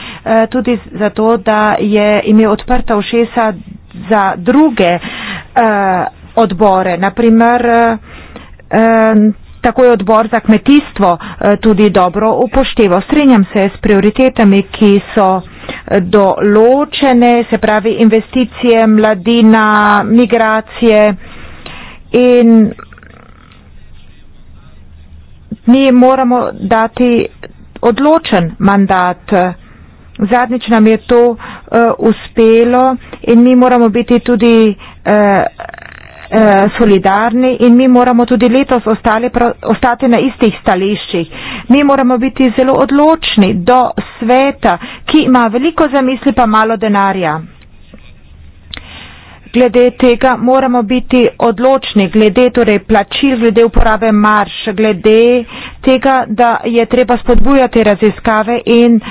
tudi za to, da je imel odprta ušesa za druge odbore. Naprimer, tako je odbor za kmetijstvo tudi dobro upoštevo. Strenjam se s prioritetami, ki so določene, se pravi investicije, mladina, migracije in mi moramo dati odločen mandat. Zadnjič nam je to uh, uspelo in mi moramo biti tudi uh, Eh, solidarni in mi moramo tudi letos ostali, ostati na istih stališčih. Mi moramo biti zelo odločni do sveta, ki ima veliko zamisli pa malo denarja. Glede tega moramo biti odločni, glede torej plačil, glede uporabe marš, glede tega, da je treba spodbujati raziskave in eh,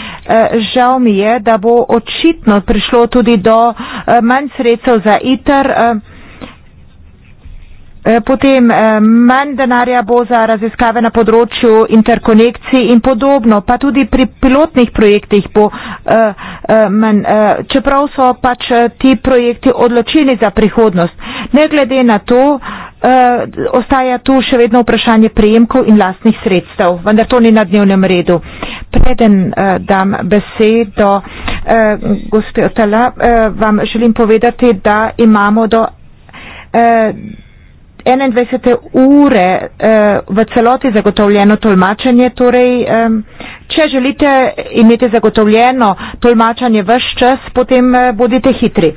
žal mi je, da bo očitno prišlo tudi do eh, manj sredstev za ITER. Eh, Eh, potem eh, manj denarja bo za raziskave na področju interkonekcij in podobno, pa tudi pri pilotnih projektih bo eh, manj, čeprav so pač ti projekti odločeni za prihodnost. Ne glede na to, ostaja tu še vedno vprašanje prejemkov in lastnih sredstev, vendar to ni na dnevnem redu. Preden eh, dam besedo eh, gospe Otala, eh, vam želim povedati, da imamo do. Eh, 21. ure eh, v celoti zagotovljeno tolmačenje, torej eh, če želite imeti zagotovljeno tolmačenje vse čas, potem eh, bodite hitri.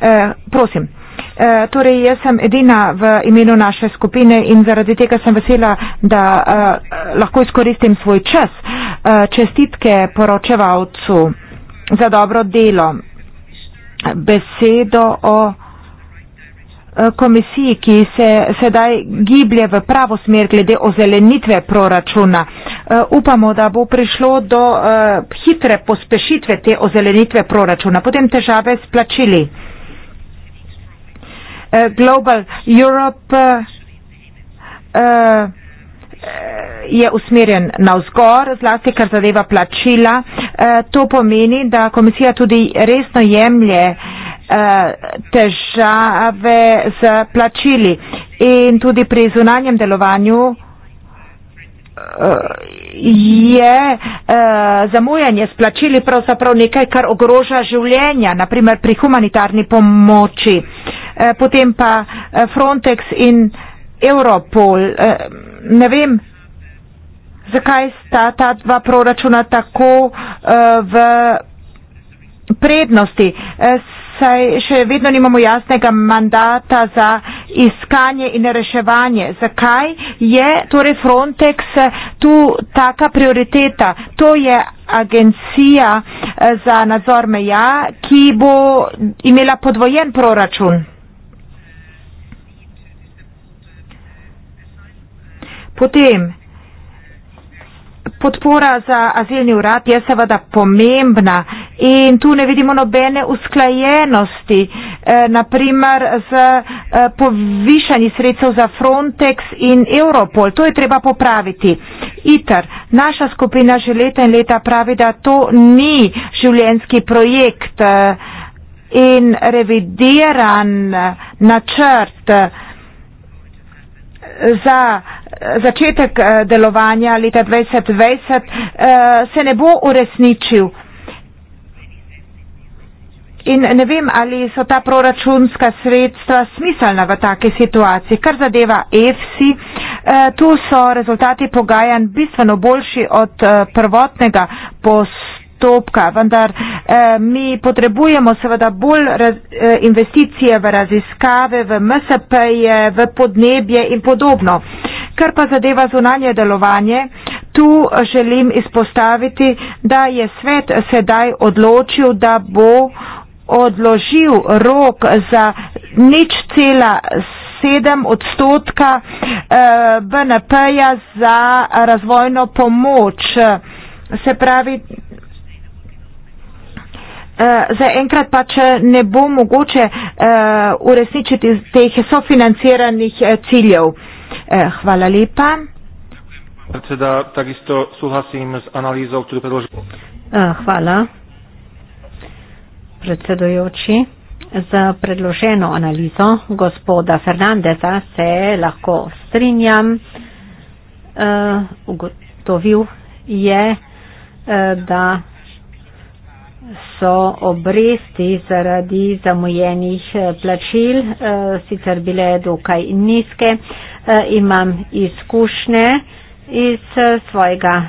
Eh, prosim. Eh, torej, jaz sem edina v imenu naše skupine in zaradi tega sem vesela, da eh, lahko izkoristim svoj čas. Eh, čestitke poročevalcu za dobro delo. Besedo o. Eh, komisiji, ki se sedaj giblje v pravo smer glede ozelenitve proračuna. Eh, upamo, da bo prišlo do eh, hitre pospešitve te ozelenitve proračuna, potem težave s plačili. Global Europe je usmerjen na vzgor, zlasti kar zadeva plačila. To pomeni, da komisija tudi resno jemlje Eh, težave z plačili in tudi pri zunanjem delovanju eh, je eh, zamujanje s plačili pravzaprav nekaj, kar ogroža življenja, naprimer pri humanitarni pomoči. Potem pa Frontex in Europol. Ne vem, zakaj sta ta dva proračuna tako v prednosti. S saj še vedno nimamo jasnega mandata za iskanje in reševanje. Zakaj je torej Frontex eh, tu taka prioriteta? To je agencija eh, za nadzor meja, ki bo imela podvojen proračun. Potem, podpora za azilni urad je seveda pomembna in tu ne vidimo nobene usklajenosti, eh, naprimer z eh, povišanji sredstev za Frontex in Europol. To je treba popraviti. ITER, naša skupina že leta in leta pravi, da to ni življenski projekt eh, in revidiran načrt za začetek eh, delovanja leta 2020 eh, se ne bo uresničil. In ne vem, ali so ta proračunska sredstva smiselna v take situaciji. Kar zadeva EFSI, eh, tu so rezultati pogajan bistveno boljši od prvotnega postopka, vendar mi potrebujemo seveda bolj investicije v raziskave, v MSP-je, v podnebje in podobno. Kar pa zadeva zunanje delovanje, tu želim izpostaviti, da je svet sedaj odločil, da bo odložil rok za nič cela sedem odstotka eh, BNP-ja za razvojno pomoč. Se pravi, eh, zaenkrat pač ne bo mogoče eh, uresničiti teh sofinanciranih ciljev. Eh, hvala lepa. Predseda, takisto suhlasim z analizo, ktorú predložil. Eh, hvala, predsedojoči. Z predloženo analizo gospoda Fernandeza se lahko strinjam. Eh, ugotovil je, da so obresti zaradi zamujenih plačil sicer bile dokaj nizke. Eh, imam izkušnje iz eh, svojega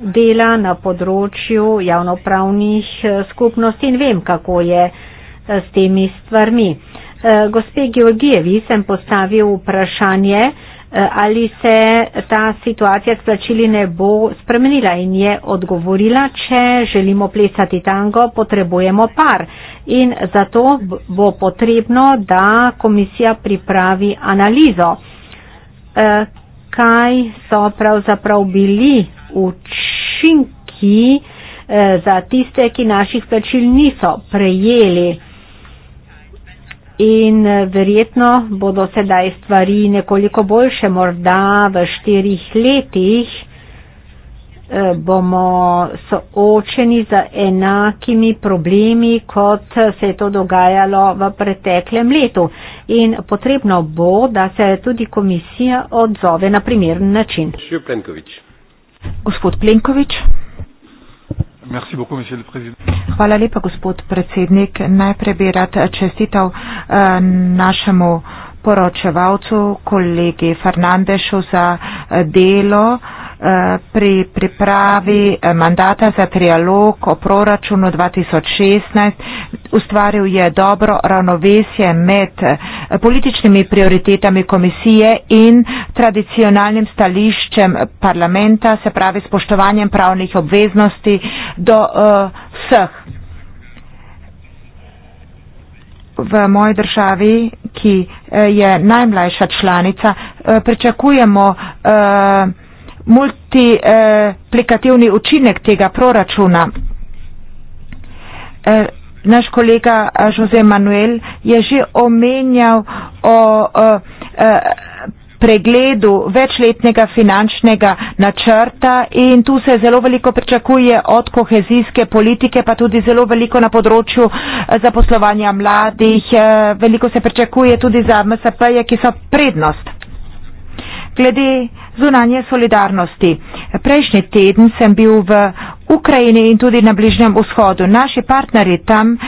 dela na področju javnopravnih eh, skupnosti in vem, kako je s temi stvarmi. Gospe Georgijevi sem postavil vprašanje, ali se ta situacija s plačili ne bo spremenila in je odgovorila, če želimo plesati tango, potrebujemo par in zato bo potrebno, da komisija pripravi analizo. Eh, kaj so pravzaprav bili učinki eh, za tiste, ki naših plačil niso prejeli. In eh, verjetno bodo sedaj stvari nekoliko boljše, morda v štirih letih. Eh, bomo soočeni z enakimi problemi, kot se je to dogajalo v preteklem letu. In potrebno bo, da se tudi komisija odzove na primern način. Plenkovič. Gospod Plenkovič. Hvala lepa, gospod predsednik. Najprej bi rad čestital eh, našemu poročevalcu, kolegi Fernandešu, za eh, delo. Eh, pri pripravi eh, mandata za trialog o proračunu 2016 ustvaril je dobro ravnovesje med eh, političnimi prioritetami komisije in tradicionalnim stališčem parlamenta, se pravi spoštovanjem pravnih obveznosti do uh, vseh. V moji državi, ki je najmlajša članica, pričakujemo multiplikativni eh, učinek tega proračuna. Eh, naš kolega eh, Jose Manuel je že omenjal o eh, pregledu večletnega finančnega načrta in tu se zelo veliko pričakuje od kohezijske politike, pa tudi zelo veliko na področju eh, zaposlovanja mladih. Eh, veliko se pričakuje tudi za MSP-je, ki so prednost. Glede zunanje solidarnosti. Prejšnji teden sem bil v Ukrajini in tudi na Bližnjem vzhodu. Naši partneri tam eh,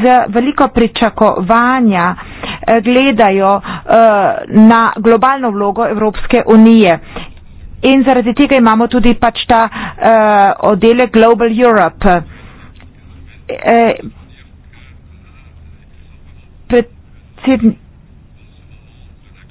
z veliko pričakovanja eh, gledajo eh, na globalno vlogo Evropske unije. In zaradi tega imamo tudi pač ta uh, oddelek Global Europe. Uh,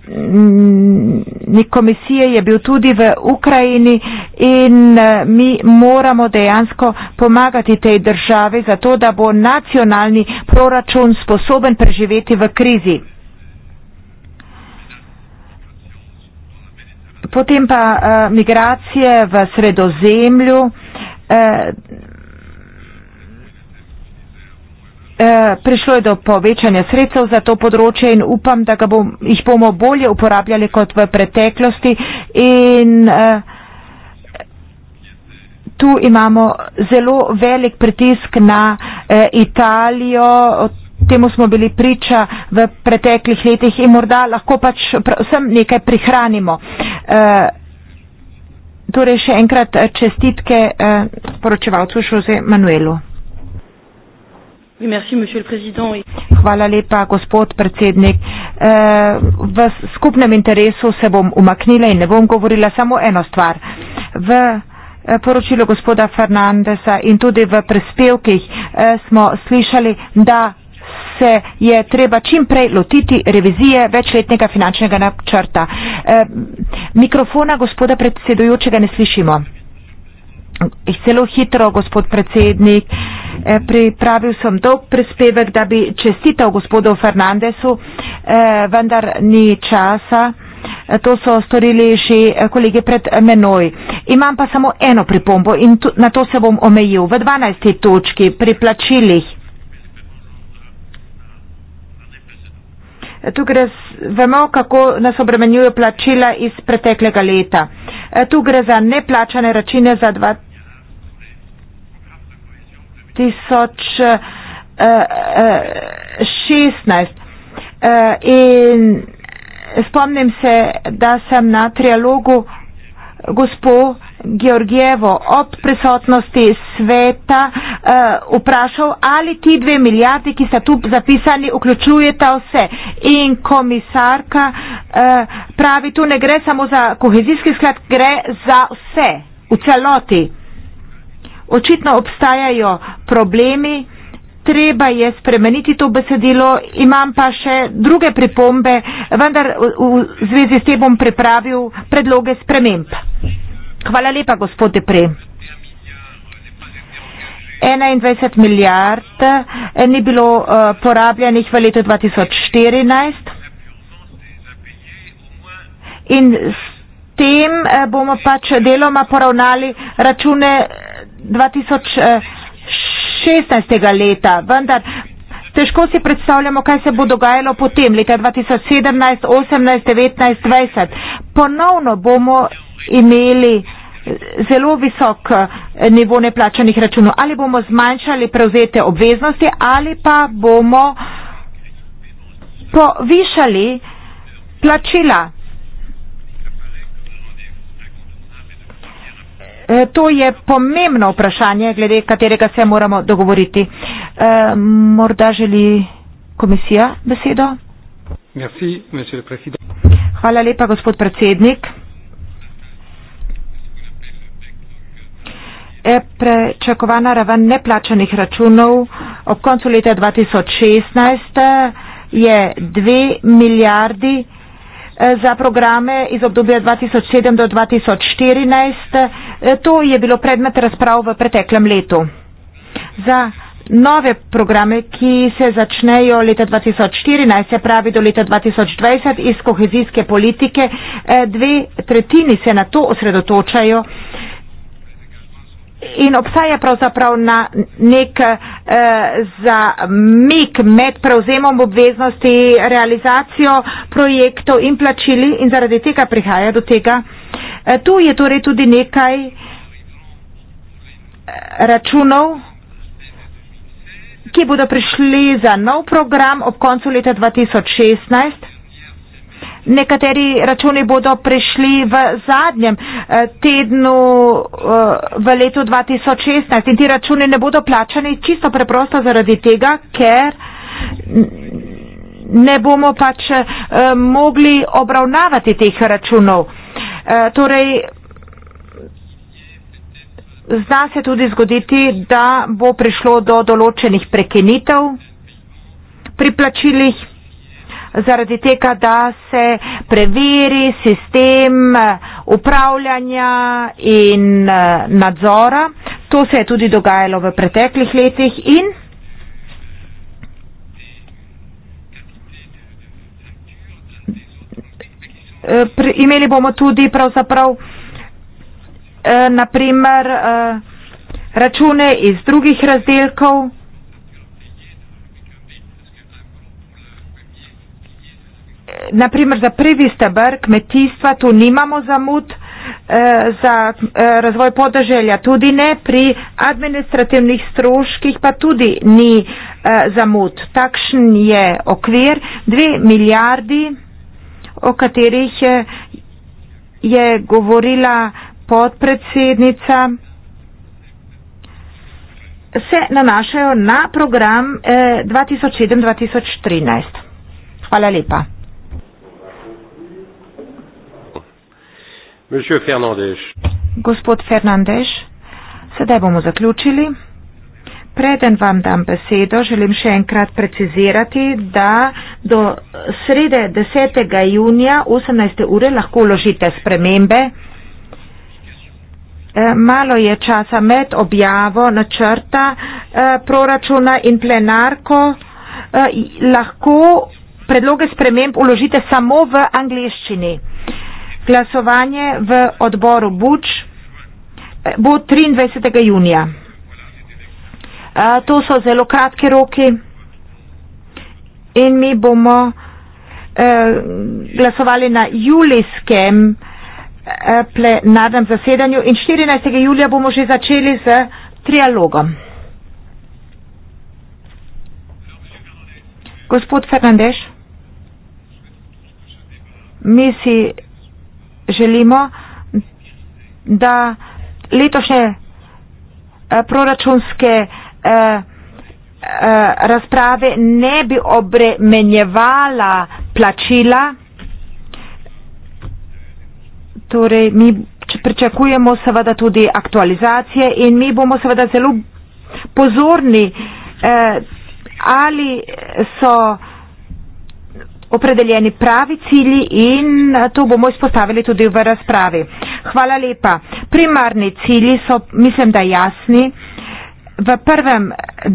Mm, komisije je bil tudi v Ukrajini in eh, mi moramo dejansko pomagati tej državi za to, da bo nacionalni proračun sposoben preživeti v krizi. Potem pa uh, migracije v sredozemlju. Uh, Eh, prišlo je do povečanja sredstev za to področje in upam, da ga bom, jih bomo bolje uporabljali kot v preteklosti. In, eh, Tu imamo zelo velik pritisk na eh, Italijo, temu smo bili priča v preteklih letih in morda lahko pač vsem nekaj prihranimo. Eh, torej še enkrat eh, čestitke eh, poročevalcu Jose Manuelu. Oui, merci, Monsieur le Président. Et... Hvala lepa, gospod predsednik. Eh, v skupnem interesu se bom umaknila in ne bom govorila samo eno stvar. V eh, poročilu gospoda Fernandesa in tudi v prispevkih eh, smo slišali, da se je treba čim prej lotiti revizije večletnega finančnega načrta. Mikrofona gospoda predsedujočega ne slišimo. Celo hitro, gospod predsednik. Eh, pripravil sem dolg prispevek, da bi čestital gospodu Fernandesu, eh, vendar ni časa. Eh, to so storili še kolege pred menoj. Imam pa samo eno pripombo in na to se bom omejil. V 12. točki pri plačilih. Tu gre, vemo, kako nas obremenjujo plačila iz preteklega leta. Tu gre za neplačane račine za 2000. 2016. Eh, eh, eh, in spomnim se, da sem na trialogu gospo Georgijevo ob prisotnosti sveta vprašal, ali ti dve milijardi, ki sta tu zapisani, vključujeta vse. In komisarka pravi, tu ne gre samo za kohezijski sklad, gre za vse, v celoti očitno obstajajo problemi, treba je spremeniti to besedilo, imam pa še druge pripombe, vendar v zvezi s tem bom pripravil predloge sprememb. Hvala lepa, gospode Pre. 21 milijard eh, ni bilo eh, porabljenih v letu 2014 in s tem eh, bomo pač deloma poravnali račune 2016. leta, vendar težko si predstavljamo, kaj se bo dogajalo potem, leta 2017, 18, 19, 20. Ponovno bomo imeli zelo visok eh, nivo neplačanih računov. Ali bomo zmanjšali prevzete obveznosti ali pa bomo povišali plačila. Eh, to je pomembno vprašanje, glede katerega se moramo dogovoriti. E, morda želi komisija besedo? Merci, Hvala lepa, gospod predsednik. E, prečakovana raven neplačanih računov ob koncu leta 2016 je 2 milijardi Eh, za programe iz obdobja 2007 do 2014. Eh, to je bilo predmet razprav v preteklem letu. Za nove programe, ki se začnejo leta 2014, se pravi do leta 2020 iz kohezijske politike, eh, dve tretjini se na to osredotočajo in obstaja pravzaprav na nek eh, zamik med prevzemom obveznosti, realizacijo projektov in plačili in zaradi tega prihaja do tega. Eh, tu je torej tudi nekaj eh, računov, ki bodo prišli za nov program ob koncu leta 2016. Nekateri računi bodo prišli v zadnjem eh, tednu eh, v letu 2016 in ti računi ne bodo plačani čisto preprosto zaradi tega, ker ne bomo pač eh, mogli obravnavati teh računov. Torej, zna se tudi zgoditi, da bo prišlo do določenih prekinitev pri plačilih zaradi tega, da se preveri sistem eh, upravljanja in eh, nadzora. To se je tudi dogajalo v preteklih letih in eh, imeli bomo tudi pravzaprav naprimer račune iz drugih razdelkov. na primer za prvi stebr kmetijstva tu nimamo zamud eh, za eh, razvoj podeželja tudi ne pri administrativnih stroških pa tudi ni eh, zamud takšen je okvir dve milijardi o katerih je, je govorila podpredsednica se nanašajo na program 2007-2013 hvala lepa Monsieur Fernandez. Gospod Fernandez, sedaj bomo zaključili. Preden vam dam besedo, želim še enkrat precizirati, da do srede 10. junija 18. ure lahko ložite spremembe. Eh, malo je časa med objavo načrta eh, proračuna in plenarko. Eh, lahko predloge sprememb uložite samo v angliščini glasovanje v odboru Buč eh, bo 23. junija. Eh, to so zelo kratki roki in mi bomo eh, glasovali na julijskem plenarnem zasedanju in 14. julija bomo že začeli z trialogom. Gospod Fernandez, mi si želimo, da letošnje eh, proračunske eh, eh, razprave ne bi obremenjevala plačila. Torej, mi pričakujemo seveda tudi aktualizacije in mi bomo seveda zelo pozorni, ali so opredeljeni pravi cilji in eh, to bomo izpostavili tudi v razpravi. Hvala lepa. Primarni cilji so, mislim, da jasni. V prvem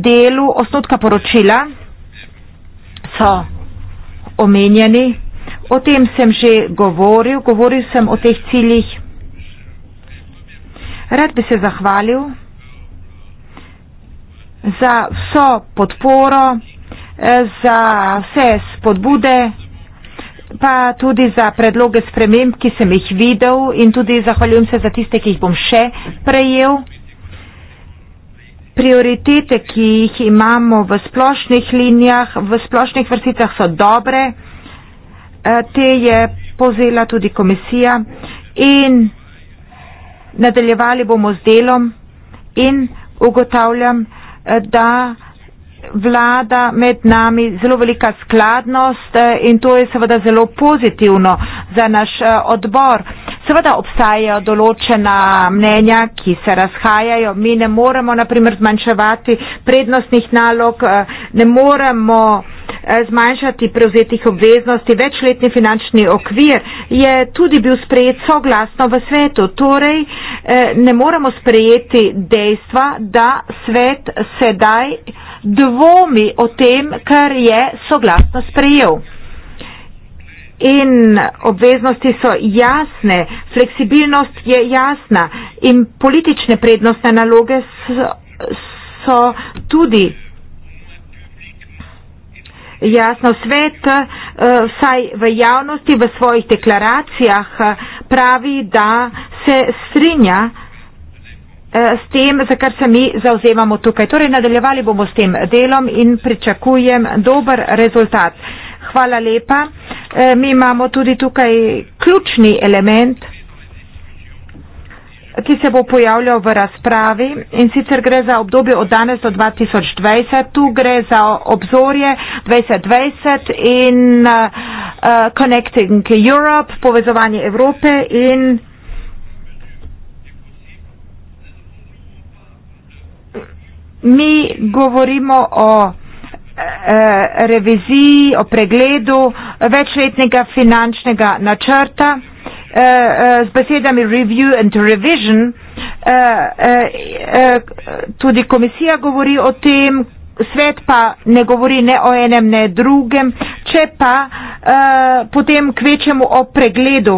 delu osnotka poročila so omenjeni. O tem sem že govoril, govoril sem o teh ciljih. Rad bi se zahvalil za vso podporo za vse spodbude, pa tudi za predloge sprememb, ki sem jih videl in tudi zahvaljujem se za tiste, ki jih bom še prejel. Prioritete, ki jih imamo v splošnih linijah, v splošnih vrsticah so dobre, e, te je povzela tudi komisija in nadaljevali bomo z delom in ugotavljam, e, da vlada med nami zelo velika skladnost eh, in to je seveda zelo pozitivno za naš eh, odbor. Seveda obstajajo določena mnenja, ki se razhajajo. Mi ne moremo, naprimer, zmanjševati prednostnih nalog, eh, ne moremo Eh, zmanjšati prevzetih obveznosti večletni finančni okvir je tudi bil sprejet soglasno v svetu. Torej, eh, ne moremo sprejeti dejstva, da svet sedaj dvomi o tem, kar je soglasno sprejel. In obveznosti so jasne, fleksibilnost je jasna in politične prednostne naloge so, so tudi jasno svet eh, vsaj v javnosti v svojih deklaracijah eh, pravi, da se strinja eh, s tem, za kar se mi zauzemamo tukaj. Torej, nadaljevali bomo s tem delom in pričakujem dober rezultat. Hvala lepa. Mi imamo tudi tukaj ključni element ki se bo pojavljal v razpravi in sicer gre za obdobje od danes do 2020. Tu gre za obzorje 2020 in uh, Connecting Europe, povezovanje Evrope in. Mi govorimo o eh, reviziji, o pregledu večletnega finančnega načrta Eh, eh, z besedami review and revision, uh, uh, uh, tudi komisija govori o tem, svet pa ne govori ne o enem, ne drugem, če pa uh, potem kvečemo o pregledu.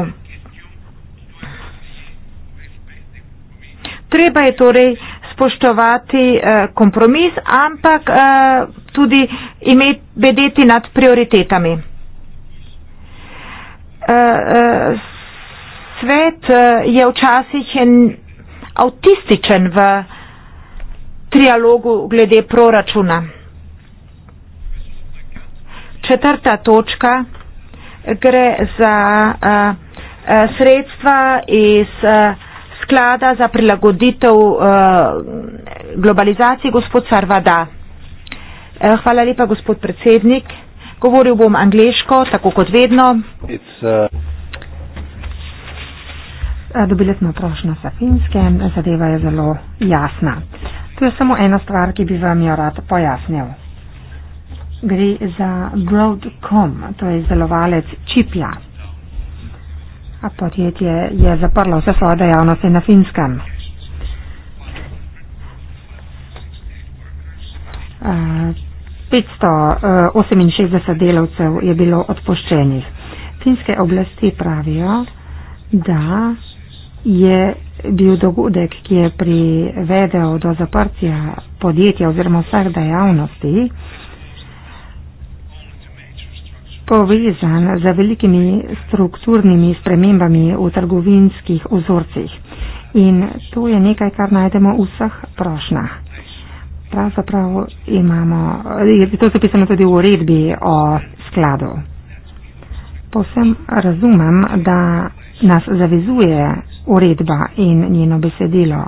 Treba je torej spoštovati uh, kompromis, ampak uh, tudi imeti vedeti nad prioritetami. Uh, uh, svet eh, je včasih en avtističen v trialogu glede proračuna. Četrta točka gre za uh, sredstva iz uh, sklada za prilagoditev uh, globalizaciji gospod Sarvada. Hvala lepa, gospod predsednik. Govoril bom angliško, tako kot vedno. It's, uh... Eh, dobili smo prošnjo Safinske, zadeva je zelo jasna. To je samo ena stvar, ki bi vam jo rad pojasnil. Gre za Broadcom, to je izdelovalec čipja. A podjetje je zaprlo vse svoje dejavnosti na Finskem. Uh, eh, 568 eh, delavcev je bilo odpoščenih. Finske oblasti pravijo, da je bil dogodek, ki je privedel do zaprtja podjetja oziroma vseh dejavnosti, povezan z velikimi strukturnimi spremembami v trgovinskih ozorcih. In to je nekaj, kar najdemo v vseh prošnjah. Pravzaprav imamo, to zapisano tudi v uredbi o skladu posem razumem, da nas zavezuje uredba in njeno besedilo.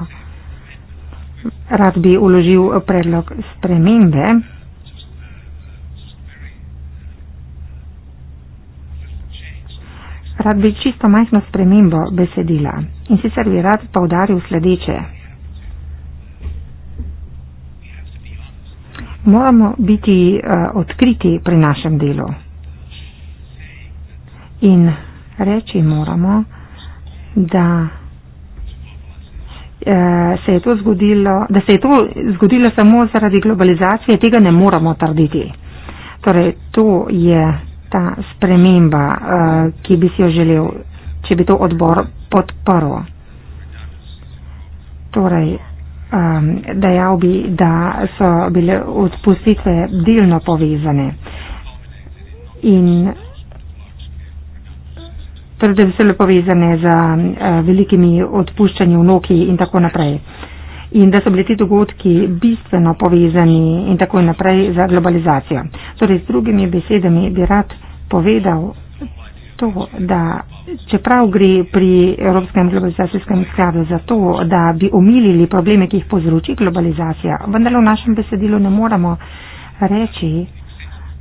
Rad bi uložil predlog spremembe. Rad bi čisto majhno spremembo besedila in sicer bi rad povdaril sledeče. Moramo biti uh, odkriti pri našem delu. In reči moramo, da eh, se je to zgodilo, da se je to zgodilo samo zaradi globalizacije, tega ne moramo trditi. Torej, to je ta sprememba, eh, ki bi si jo želel, če bi to odbor podprl. Torej, ehm, dejal bi, da so bile odpustitve delno povezane. In torej da bi bile povezane z eh, velikimi odpuščanji vnoki in tako naprej. In da so bili ti dogodki bistveno povezani in tako naprej za globalizacijo. Torej, z drugimi besedami bi rad povedal to, da čeprav gre pri Evropskem globalizacijskem skladu za to, da bi omilili probleme, ki jih povzroči globalizacija, vendar v našem besedilu ne moremo reči,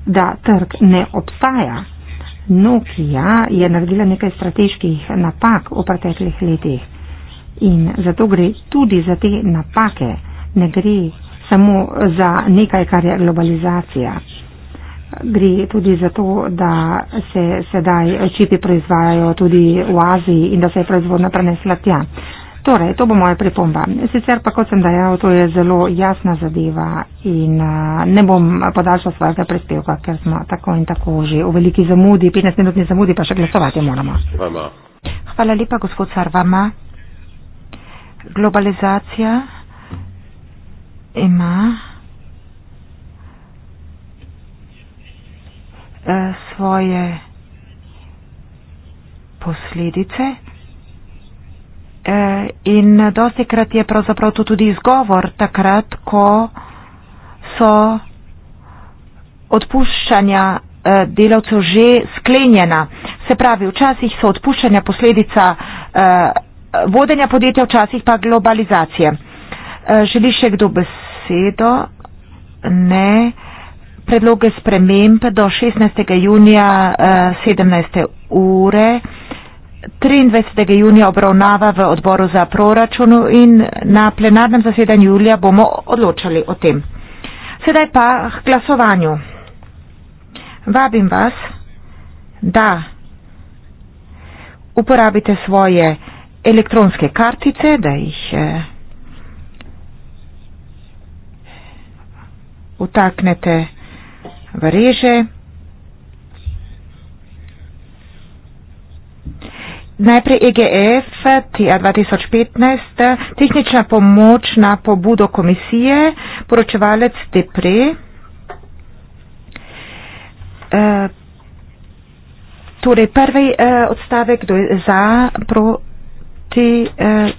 da trg ne obstaja. Nokia je naredila nekaj strateških napak v preteklih letih. In zato gre tudi za te napake, ne gre samo za nekaj, kar je globalizacija. Gre tudi za to, da se sedaj čipi proizvajajo tudi v Aziji in da se je proizvodna prenesla tja. Torej, to bo moja pripomba. Sicer pa, kot sem dejal, to je zelo jasna zadeva in uh, ne bom podaljšal svojega prispevka, ker smo tako in tako že v veliki zamudi, 15-minutni zamudi, pa še glasovati moramo. Vama. Hvala lepa, gospod Car, vama. Globalizacija ima uh, svoje posledice. E, in dosti krat je pravzaprav to tudi izgovor takrat, ko so odpuščanja e, delavcev že sklenjena. Se pravi, včasih so odpuščanja posledica e, vodenja podjetja, včasih pa globalizacije. Želi še kdo besedo? Ne. Predloge sprememb do 16. junija 17. ure. 23. junija obravnava v odboru za proračun in na plenarnem zasedanju julija bomo odločali o tem. Sedaj pa k glasovanju. Vabim vas, da uporabite svoje elektronske kartice, da jih eh, utaknete v reže. Najprej EGF TIA 2015, tehnična pomoč na pobudo komisije, poročevalec DEPRE. E, torej, prvi e, odstavek, kdo je za, proti, e,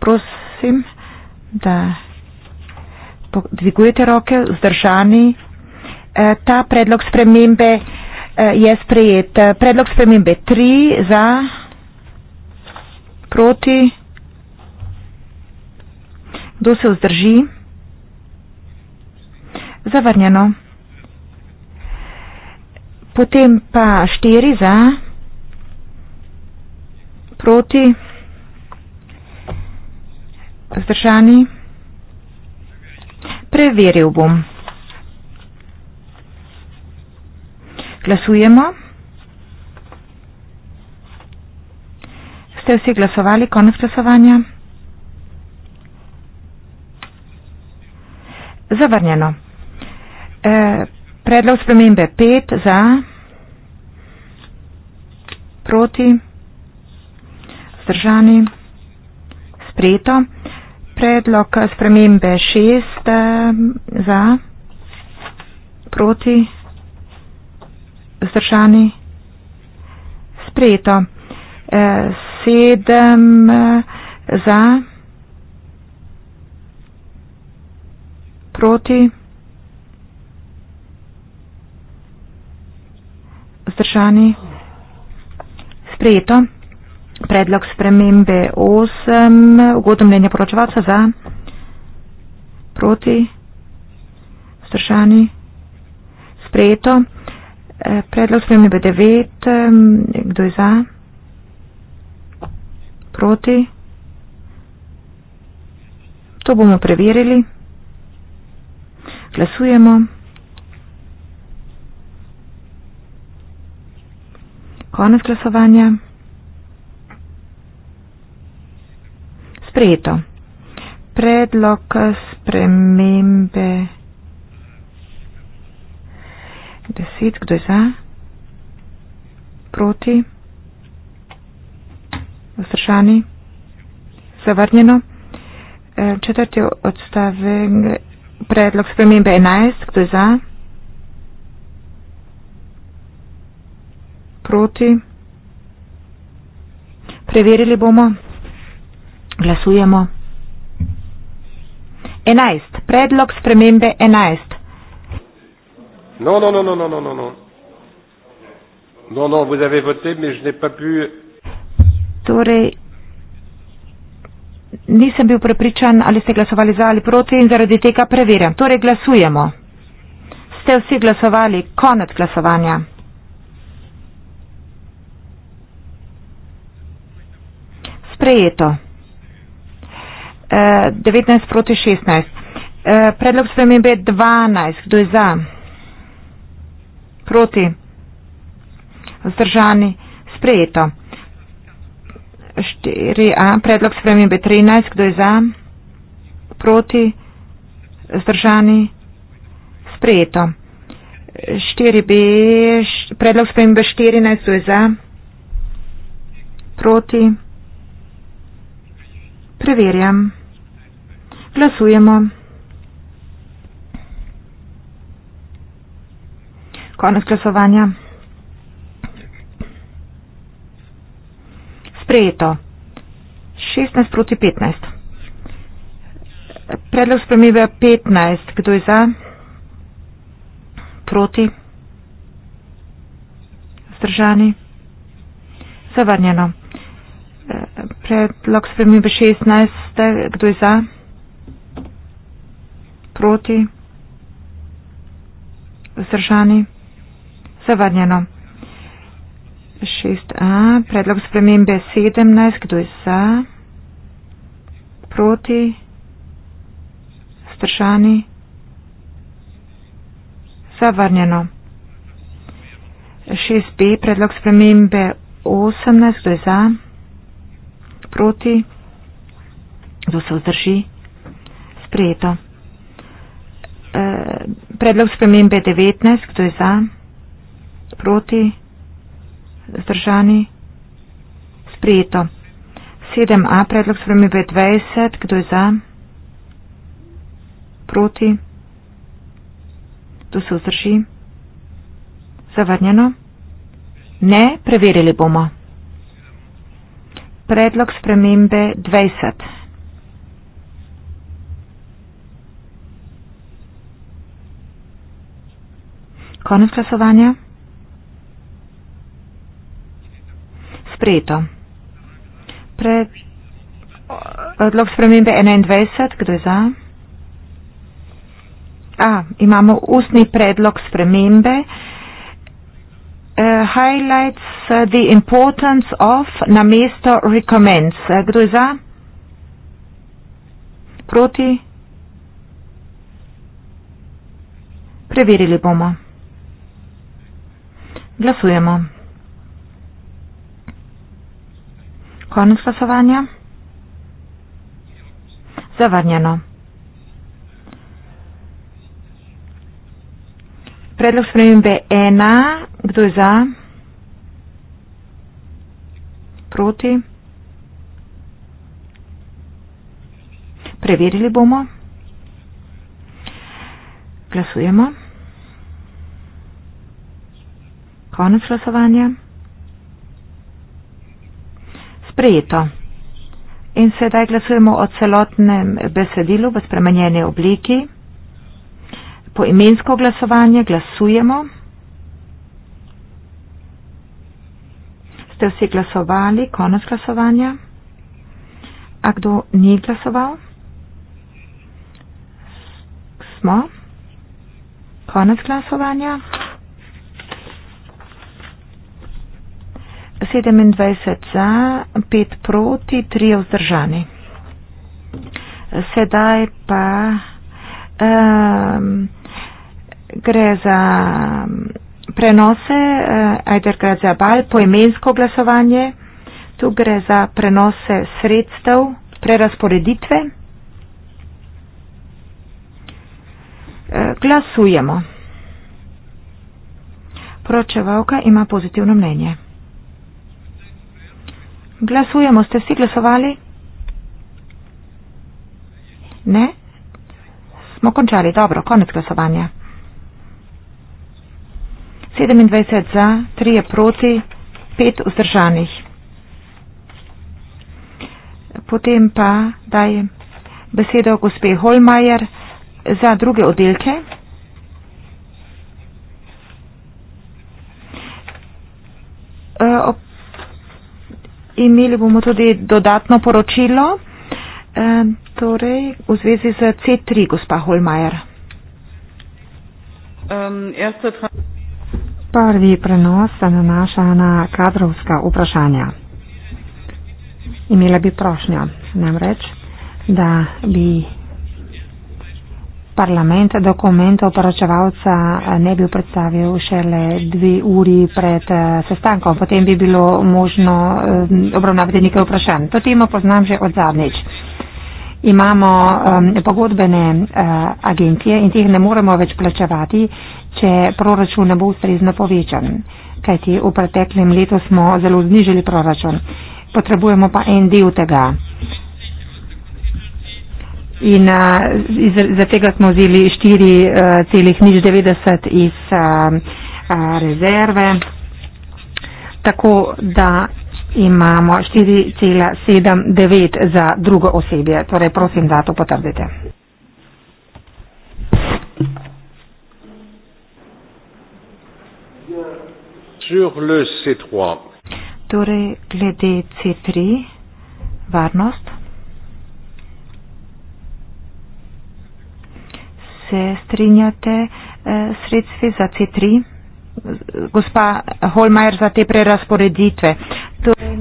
prosim, da dvigujete roke, zdržani. Ta predlog spremembe je sprejet. Predlog spremembe 3 za proti, kdo se vzdrži, zavrnjeno. Potem pa štiri za, proti, vzdržani, preveril bom. Glasujemo. ste vsi glasovali, konec glasovanja? Zavrnjeno. E, predlog spremembe 5 za, proti, vzdržani, sprejeto. Predlog spremembe 6 e, za, proti, vzdržani, sprejeto. E, sedem eh, za, proti, vzdržani, sprejeto, predlog spremembe osem, ugodno mnenje poročevalca za, proti, vzdržani, sprejeto, eh, predlog spremembe devet, eh, kdo je za proti. To bomo preverili. Glasujemo. Konec glasovanja. Sprejeto. Predlog spremembe. Deset, kdo je za? Proti. Ostrzani. Zavrnjeno. E, četrti odstavek, predlog spremembe 11. Kdo je za? Proti. Preverili bomo. Glasujemo. 11. Predlog spremembe 11. No, no, no, no, no, no, no. Non, non, no, vous avez voté, mais je n'ai pas pu... Torej, nisem bil prepričan, ali ste glasovali za ali proti in zaradi tega preverjam. Torej, glasujemo. Ste vsi glasovali? Konec glasovanja. Sprejeto. 19 e, proti 16. E, predlog spremembe 12. Kdo je za? Proti. Zdržani. Sprejeto. 4a, predlog spremembe 13, kdo je za, proti, zdržani, sprejeto. 4b, predlog spremembe 14, kdo je za, proti, preverjam, glasujemo. Konec glasovanja. Sprejeto. 16 proti 15. Predlog spremembe 15. Kdo je za? Proti? Zdržani? Zavrnjeno. Predlog spremembe 16. Kdo je za? Proti? Zdržani? Zavrnjeno. 6a. Predlog spremembe 17. Kdo je za? sproti, stršani, zavrnjeno. 6b predlog spremembe 18, kdo je za, proti, kdo se vzdrži, sprejeto. E, predlog spremembe 19, kdo je za, proti, zdržani, sprejeto. 7a predlog spremi B20, kdo je za? Proti? Kdo se vzdrži? Zavrnjeno? Ne, preverili bomo. Predlog spremembe 20. Konec glasovanja. Sprejeto pred odlog spremembe 21, kdo je za? A, imamo ustni predlog spremembe. Uh, highlights uh, the importance of na mesto recommends. Uh, kdo je za? Proti? Preverili bomo. Glasujemo. Konec glasovanja. Zavrnjeno. Predlog spremembe ena. Kdo je za? Proti? Preverili bomo. Glasujemo. Konec glasovanja sprejeto. In sedaj glasujemo o celotnem besedilu v spremenjeni obliki. Po imensko glasovanje glasujemo. Ste vsi glasovali? Konec glasovanja. A kdo ni glasoval? Smo. Konec glasovanja. 27 za, 5 proti, 3 vzdržani. Sedaj pa um, gre za prenose, eh, ajder gre za bal, poimensko glasovanje. Tu gre za prenose sredstev, prerasporeditve. Eh, glasujemo. Pročevalka ima pozitivno mnenje. Glasujemo. Ste vsi glasovali? Ne? Smo končali. Dobro, konec glasovanja. 27 za, 3 je proti, 5 vzdržanih. Potem pa dajem besedo gospe Holmajer za druge oddelke. Uh, imeli bomo tudi dodatno poročilo eh, torej, v zvezi z C3, gospa Holmajer. Um, Prvi prenos se nanaša na kadrovska vprašanja. Imela bi prošnjo, namreč, da bi parlament dokument oporočevalca eh, ne bi predstavil šele dve uri pred eh, sestankom. Potem bi bilo možno eh, obravnavati nekaj vprašanj. To temo poznam že od zadnjič. Imamo um, pogodbene uh, agencije in teh ne moremo več plačevati, če proračun ne bo ustrezno povečan. Kajti v preteklem letu smo zelo znižili proračun. Potrebujemo pa en del tega. In uh, iz, za tega smo vzeli 4,90 uh, iz uh, uh, rezerve, tako da imamo 4,79 za drugo osebje. Torej, prosim, da to potrdite. Torej, glede C3, varnost. se strinjate eh, sredstvi za C3? Gospa Holmajer za te prerasporeditve. Torej,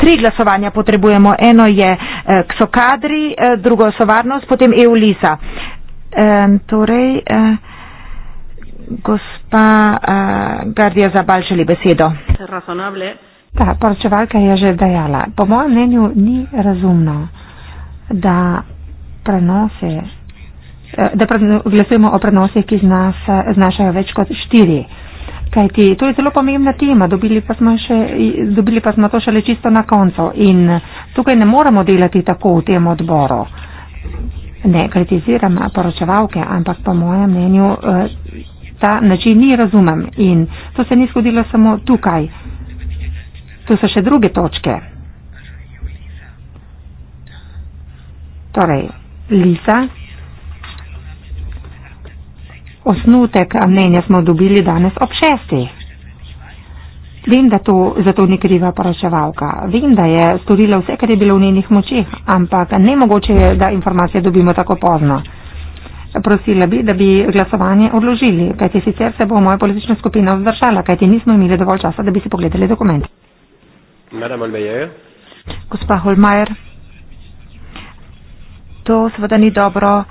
tri glasovanja potrebujemo. Eno je eh, ksokadri, eh, drugo so varnost, potem EULISA. Eh, torej, eh, gospa eh, Gardija Zabal želi besedo. Ta poročevalka je že dejala. Po mojem mnenju ni razumno da prenose eh, da glasujemo o prenosih, ki znas, znašajo več kot štiri. Kajti, to je zelo pomembna tema, dobili pa, še, dobili pa smo to šele čisto na koncu. In tukaj ne moramo delati tako v tem odboru. Ne kritiziram poročevalke, ampak po mojem mnenju eh, ta način ni razumem. In to se ni zgodilo samo tukaj. Tu so še druge točke. torej Lisa. Osnutek mnenja smo dobili danes ob šestih. Vem, da to, za to ni kriva poročevalka. Vem, da je storila vse, kar je bilo v njenih močeh, ampak ne mogoče je, da informacije dobimo tako pozno. Prosila bi, da bi glasovanje odložili, kajti sicer se bo moja politična skupina vzdržala, kajti nismo imeli dovolj časa, da bi si pogledali dokument. Gospa Holmajer to seveda ni dobro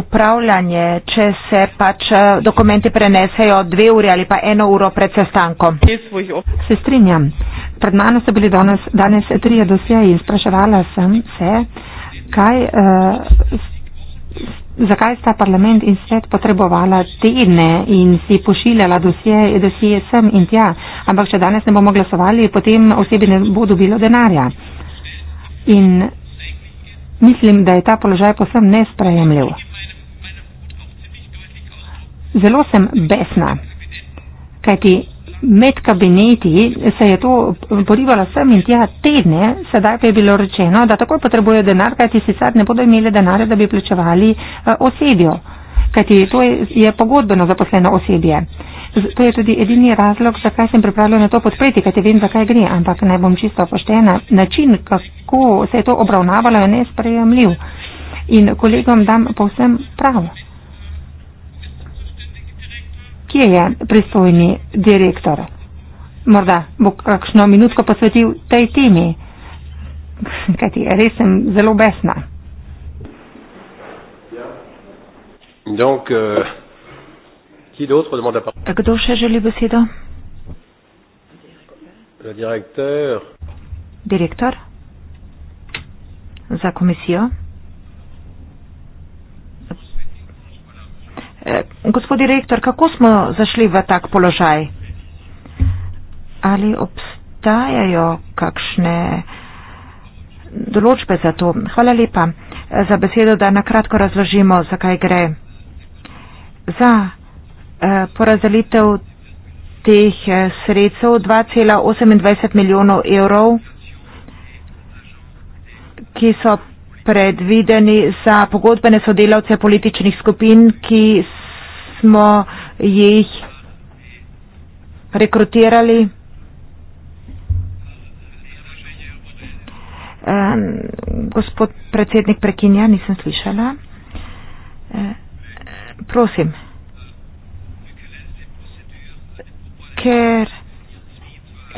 upravljanje, če se pač eh, dokumenti prenesejo dve uri ali pa eno uro pred sestankom. Se strinjam. Pred mano so bili danes, danes trije dosjeji in spraševala sem se, kaj, uh, zakaj sta parlament in svet potrebovala tedne in si pošiljala dosjeje dosje sem in tja. Ampak če danes ne bomo glasovali, potem osebi ne bo dobilo denarja. In Mislim, da je ta položaj posem nesprejemljiv. Zelo sem besna, kajti med kabineti se je to porivalo sem in tja tedne, sedaj pa je bilo rečeno, da takoj potrebujejo denar, kajti sicer ne bodo imeli denarja, da bi plačevali eh, osebjo, kajti to je, je pogodbeno zaposleno osebje. To je tudi edini razlog, zakaj sem pripravljena to podpreti, kajte vem, zakaj gre, ampak naj bom čisto poštena. Način, kako se je to obravnavalo, je nesprejemljiv in kolegom dam povsem prav. Kje je pristojni direktor? Morda bo kakšno minutko posvetil tej temi, kajti res sem zelo besna. Donc, euh... Qui d'autre demande la parole Kdo še želi besedo? Direktor. Direktor. Za komisijo. Eh, gospod direktor, kako smo zašli v tak položaj? Ali obstajajo kakšne določbe za to? Hvala lepa eh, za besedo, da na kratko razložimo, zakaj gre. Za Eh, porazdelitev teh eh, sredstev 2,28 milijonov evrov, ki so predvideni za pogodbene sodelavce političnih skupin, ki smo jih rekrutirali. Eh, gospod predsednik prekinja, nisem slišala. Prosim. ker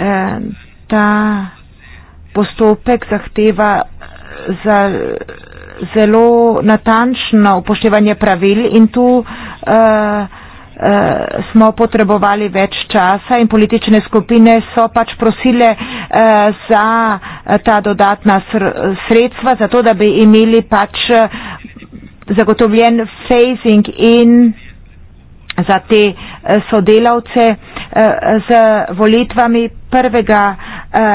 eh, ta postopek zahteva eh, za zelo natančno upoštevanje pravil in tu eh, eh, smo potrebovali več časa in politične skupine so pač prosile eh, za eh, ta dodatna sr sredstva, zato da bi imeli pač eh, zagotovljen phasing in za te sodelavce. Eh, z volitvami 1. Eh,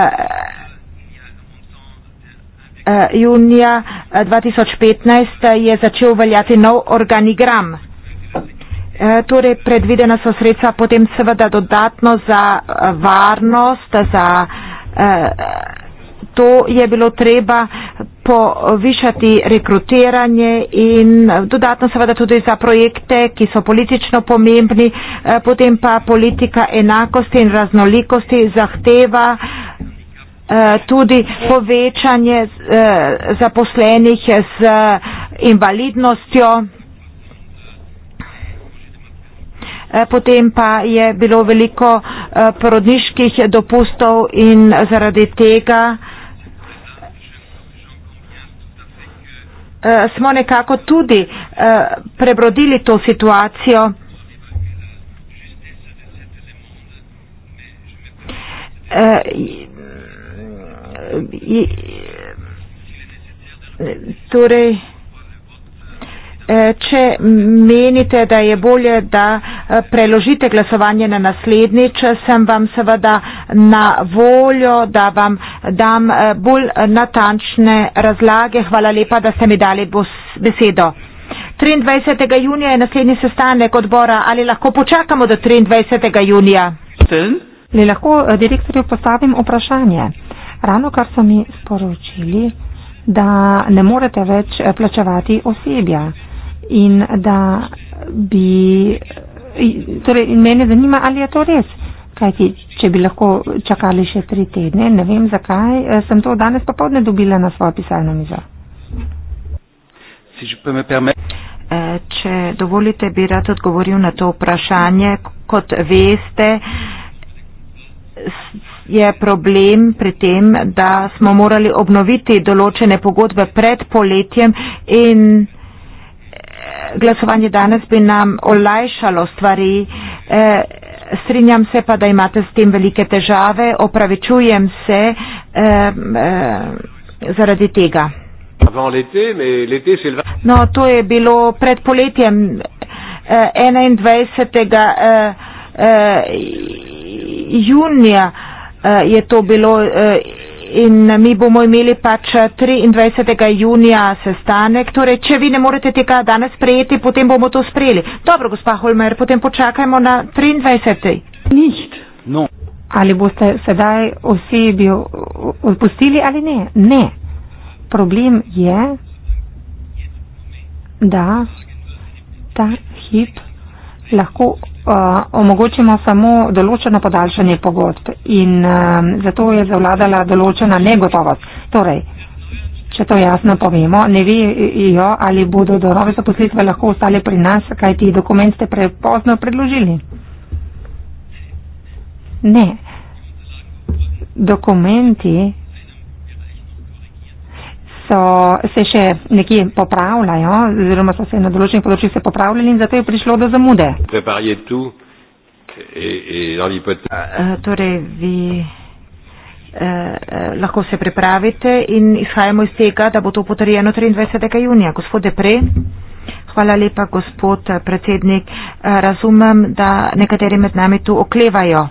eh, junija 2015 je začel veljati nov organigram. Torej, predvidena so sredstva potem seveda dodatno za varnost, za zato je bilo treba povišati rekrutiranje in eh, dodatno seveda tudi za projekte, ki so politično pomembni, eh, potem pa politika enakosti in raznolikosti zahteva eh, tudi povečanje zaposlenih z invalidnostjo. Potem pa je bilo veliko porodniških dopustov in zaradi tega Eh, smo nekako tudi eh, prebrodili to situacijo. Eh, torej, Eh, če menite, da je bolje, da eh, preložite glasovanje na naslednjič, sem vam seveda na voljo, da vam dam eh, bolj natančne razlage. Hvala lepa, da ste mi dali besedo. 23. junija je naslednji sestanek odbora. Ali lahko počakamo do 23. junija? Ali lahko direktorju postavim vprašanje? Ravno kar so mi sporočili, da ne morete več plačevati osebja in da bi. Torej, mene zanima, ali je to res. Kajti, če bi lahko čakali še tri tedne, ne vem zakaj, eh, sem to danes popovdne dobila na svojo pisalno mizo. Eh, če dovolite, bi rad odgovoril na to vprašanje. Kot veste, je problem pri tem, da smo morali obnoviti določene pogodbe pred poletjem in glasovanje danes bi nam olajšalo stvari. E, strinjam se pa, da imate s tem velike težave. Opravičujem se e, e, zaradi tega. No, to je bilo pred poletjem e, 21. E, e, junija e, je to bilo. E, in mi bomo imeli pač 23. junija sestanek. Torej, če vi ne morete tega danes prejeti, potem bomo to sprejeli. Dobro, gospa Holmer, potem počakajmo na 23. Nič. No. Ali boste sedaj osebi odpustili ali ne? Ne. Problem je, da ta hip lahko Eh, omogočimo samo določeno podaljšanje pogodb in uh, zato je zavladala določena negotovost. Torej, če to jasno povemo, ne vejo, ali bodo do nove zaposlitve lahko ostali pri nas, kaj ti dokument ste prepozno predložili. Ne. Dokumenti so se še nekje popravljajo, oziroma so se na določenih področjih se popravljali in zato je prišlo do zamude. Eh, eh, torej, vi eh, eh, lahko se pripravite in izhajamo iz tega, da bo to potrjeno 23. junija. Gospod Depre, hvala lepa, gospod predsednik. Razumem, da nekateri med nami tu oklevajo.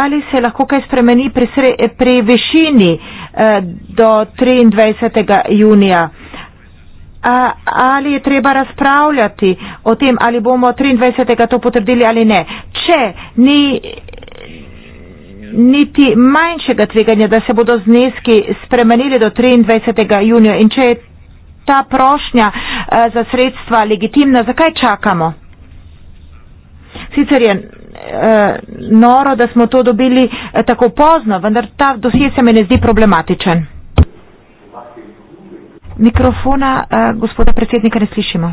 ali se lahko kaj spremeni pri, sre, pri višini eh, do 23. junija. A, ali je treba razpravljati o tem, ali bomo 23. to potrdili ali ne. Če ni niti manjšega tveganja, da se bodo zneski spremenili do 23. junija in če je ta prošnja eh, za sredstva legitimna, zakaj čakamo? Sicer je eh, noro, da smo to dobili eh, tako pozno, vendar ta dosje se mi ne zdi problematičen. Mikrofona eh, gospoda predsednika ne slišimo.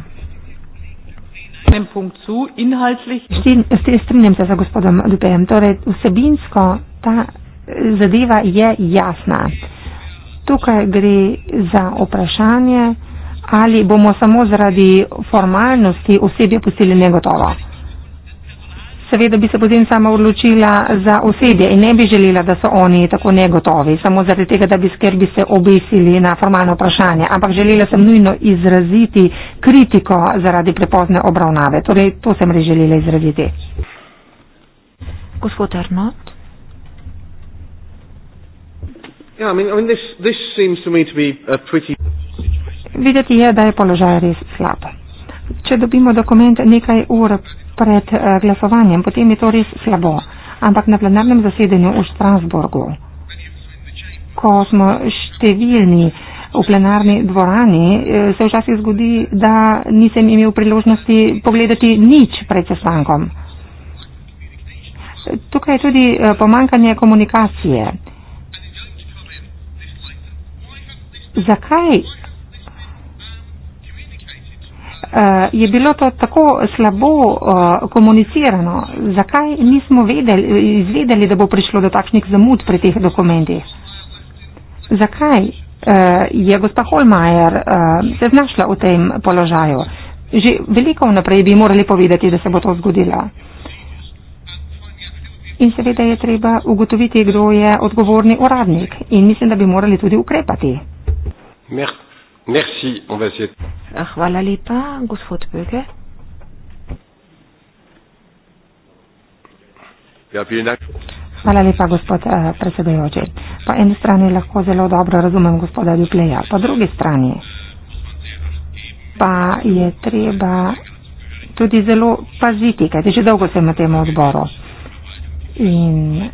S tem strinjam se za gospodom Dupejem. Torej, vsebinsko ta eh, zadeva je jasna. Tukaj gre za vprašanje, ali bomo samo zaradi formalnosti osebje pustili negotovo seveda bi se potem sama odločila za osebje in ne bi želela, da so oni tako negotovi, samo zaradi tega, da bi skrbi se obesili na formalno vprašanje. Ampak želela sem nujno izraziti kritiko zaradi prepozne obravnave. Torej, to sem res želela izraziti. Gospod Arnot. Yeah, I mean, I mean, this, this seems to me to be a pretty... Videti je, da je položaj res slab če dobimo dokument nekaj ur pred eh, glasovanjem, potem je to res slabo. Ampak na plenarnem zasedanju v Strasburgu, ko smo številni v plenarni dvorani, eh, se včasih zgodi, da nisem imel priložnosti pogledati nič pred sestankom. Tukaj je tudi eh, pomankanje komunikacije. Zakaj Eh, je bilo to tako slabo eh, komunicirano? Zakaj nismo vedeli, izvedeli, da bo prišlo do takšnih zamud pri teh dokumentih? Zakaj eh, je gospa Holmajer se znašla v tem položaju? Že veliko naprej bi morali povedati, da se bo to zgodilo. In seveda je treba ugotoviti, kdo je odgovorni uradnik. In mislim, da bi morali tudi ukrepati. Merci. Merci, on va essayer. Ah, hvala lepa, gospod Böge. Ja, hvala lepa, gospod eh, predsedojoči. Po eni strani lahko zelo dobro razumem gospoda Dupleja, po drugi strani pa je treba tudi zelo paziti, kajti že dolgo sem v tem odboru. In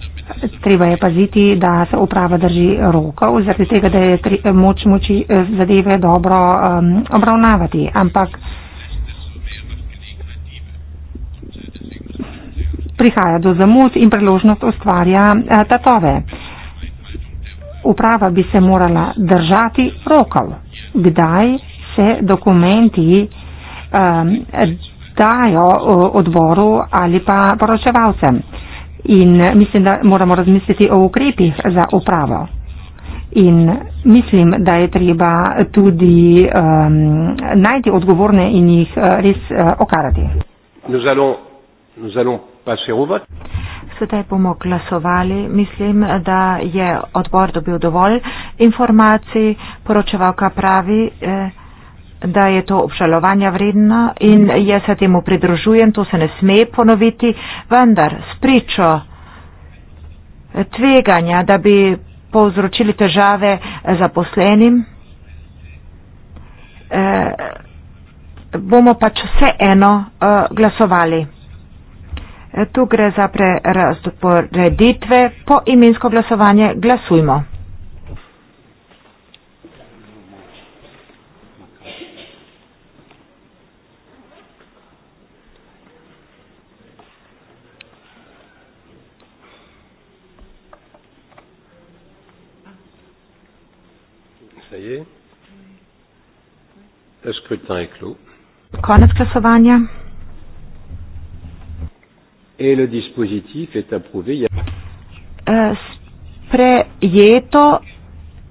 treba je paziti, da se uprava drži rokov, zaradi tega, da je tri, moč moči eh, zadeve dobro um, obravnavati. Ampak prihaja do zamud in priložnost ustvarja uh, tatove. Uprava bi se morala držati rokov, kdaj se dokumenti um, dajo eh, odboru ali pa poročevalcem in eh, mislim, da moramo razmisliti o ukrepih za upravo. In mislim, da je treba tudi um, najti odgovorne in jih uh, res uh, okarati. Sedaj bomo glasovali. Mislim, da je odbor dobil dovolj informacij. Poročevalka pravi. Eh, da je to obžalovanja vredno in jaz se temu pridružujem, to se ne sme ponoviti, vendar spričo tveganja, da bi povzročili težave zaposlenim, eh, bomo pač vse eno eh, glasovali. Eh, tu gre za preraz poreditve, po imensko glasovanje glasujmo. Konec glasovanja. Eh, sprejeto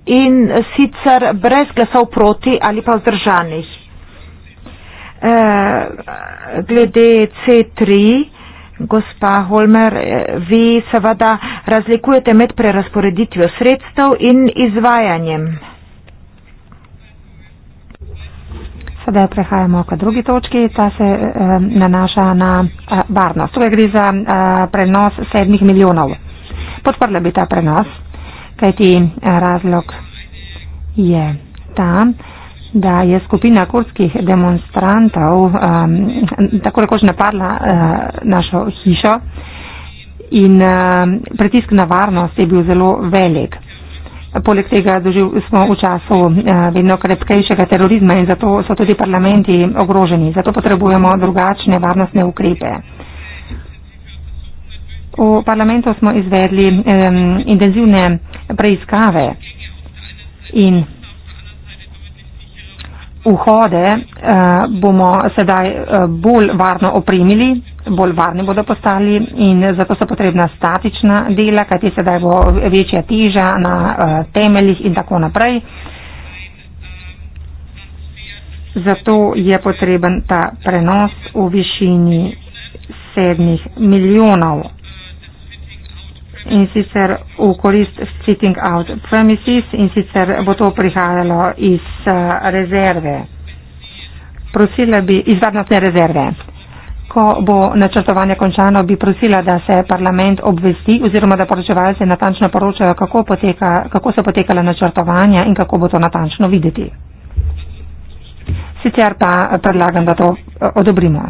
in sicer brez glasov proti ali pa vzdržanih. Eh, glede C3, gospa Holmer, eh, vi seveda razlikujete med prerasporeditvijo sredstev in izvajanjem. Sedaj prehajamo k drugi točki, ta se eh, nanaša na eh, varnost. Tukaj gre za eh, prenos sedmih milijonov. Podprla bi ta prenos, kajti eh, razlog je ta, da je skupina kurskih demonstrantov eh, tako rekoč napadla eh, našo hišo in eh, pritisk na varnost je bil zelo velik. Poleg tega doživ, smo v času eh, vedno krepkejšega terorizma in zato so tudi parlamenti ogroženi. Zato potrebujemo drugačne varnostne ukrepe. V parlamentu smo izvedli um, intenzivne preiskave in vhode uh, bomo sedaj uh, bolj varno opremili bolj varni bodo postali in zato so potrebna statična dela, kajti sedaj bo večja teža na eh, temeljih in tako naprej. Zato je potreben ta prenos v višini sedmih milijonov. In sicer v korist sitting out premises in sicer bo to prihajalo iz eh, rezerve. Prosila bi iz varnostne rezerve ko bo načrtovanje končano, bi prosila, da se parlament obvesti oziroma da poročevalce natančno poročajo, kako, poteka, kako so potekala načrtovanja in kako bo to natančno videti. Sicer pa predlagam, da to eh, odobrimo.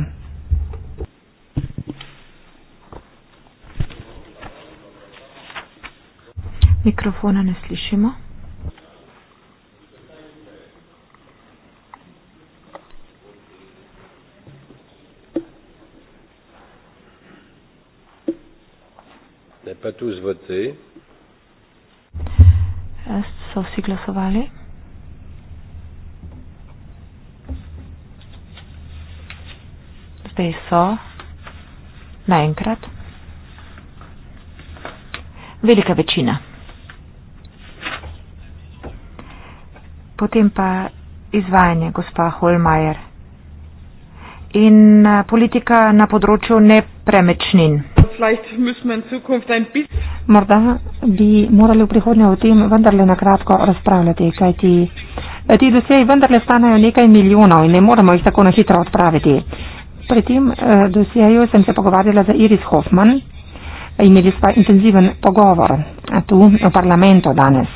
Mikrofona ne slišimo. n'avez pas tous voté. Sauf si vous avez Zdaj so naenkrat velika večina. Potem pa izvajanje gospa Holmajer in eh, politika na področju nepremečnin. Morda bi morali v prihodnje o tem vendarle na kratko razpravljati, kajti eh, ti doseji vendarle stanejo nekaj milijonov in ne moremo jih tako na hitro odpraviti. Pri tem eh, doseju sem se pogovarjala z Iris Hoffman, imeli smo intenziven pogovor eh, tu v parlamentu danes.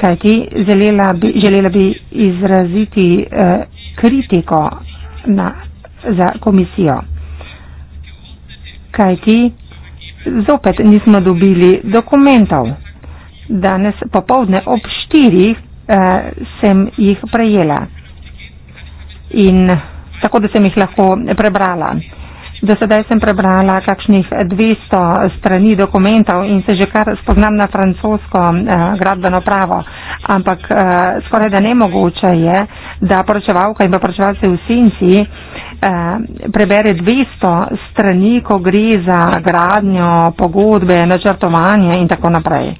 Kajti želela bi, želela bi izraziti eh, kritiko na za komisijo. Kajti zopet nismo dobili dokumentov. Danes popovdne ob štirih eh, sem jih prejela. In tako, da sem jih lahko prebrala. Do sedaj sem prebrala kakšnih 200 strani dokumentov in se že kar spoznam na francosko eh, gradbeno pravo. Ampak eh, skoraj da nemogoče je, da poročevalka in pa poročevalce v Sinci eh, Eh, prebere 200 strani, ko gre za gradnjo, pogodbe, načrtovanje in tako naprej.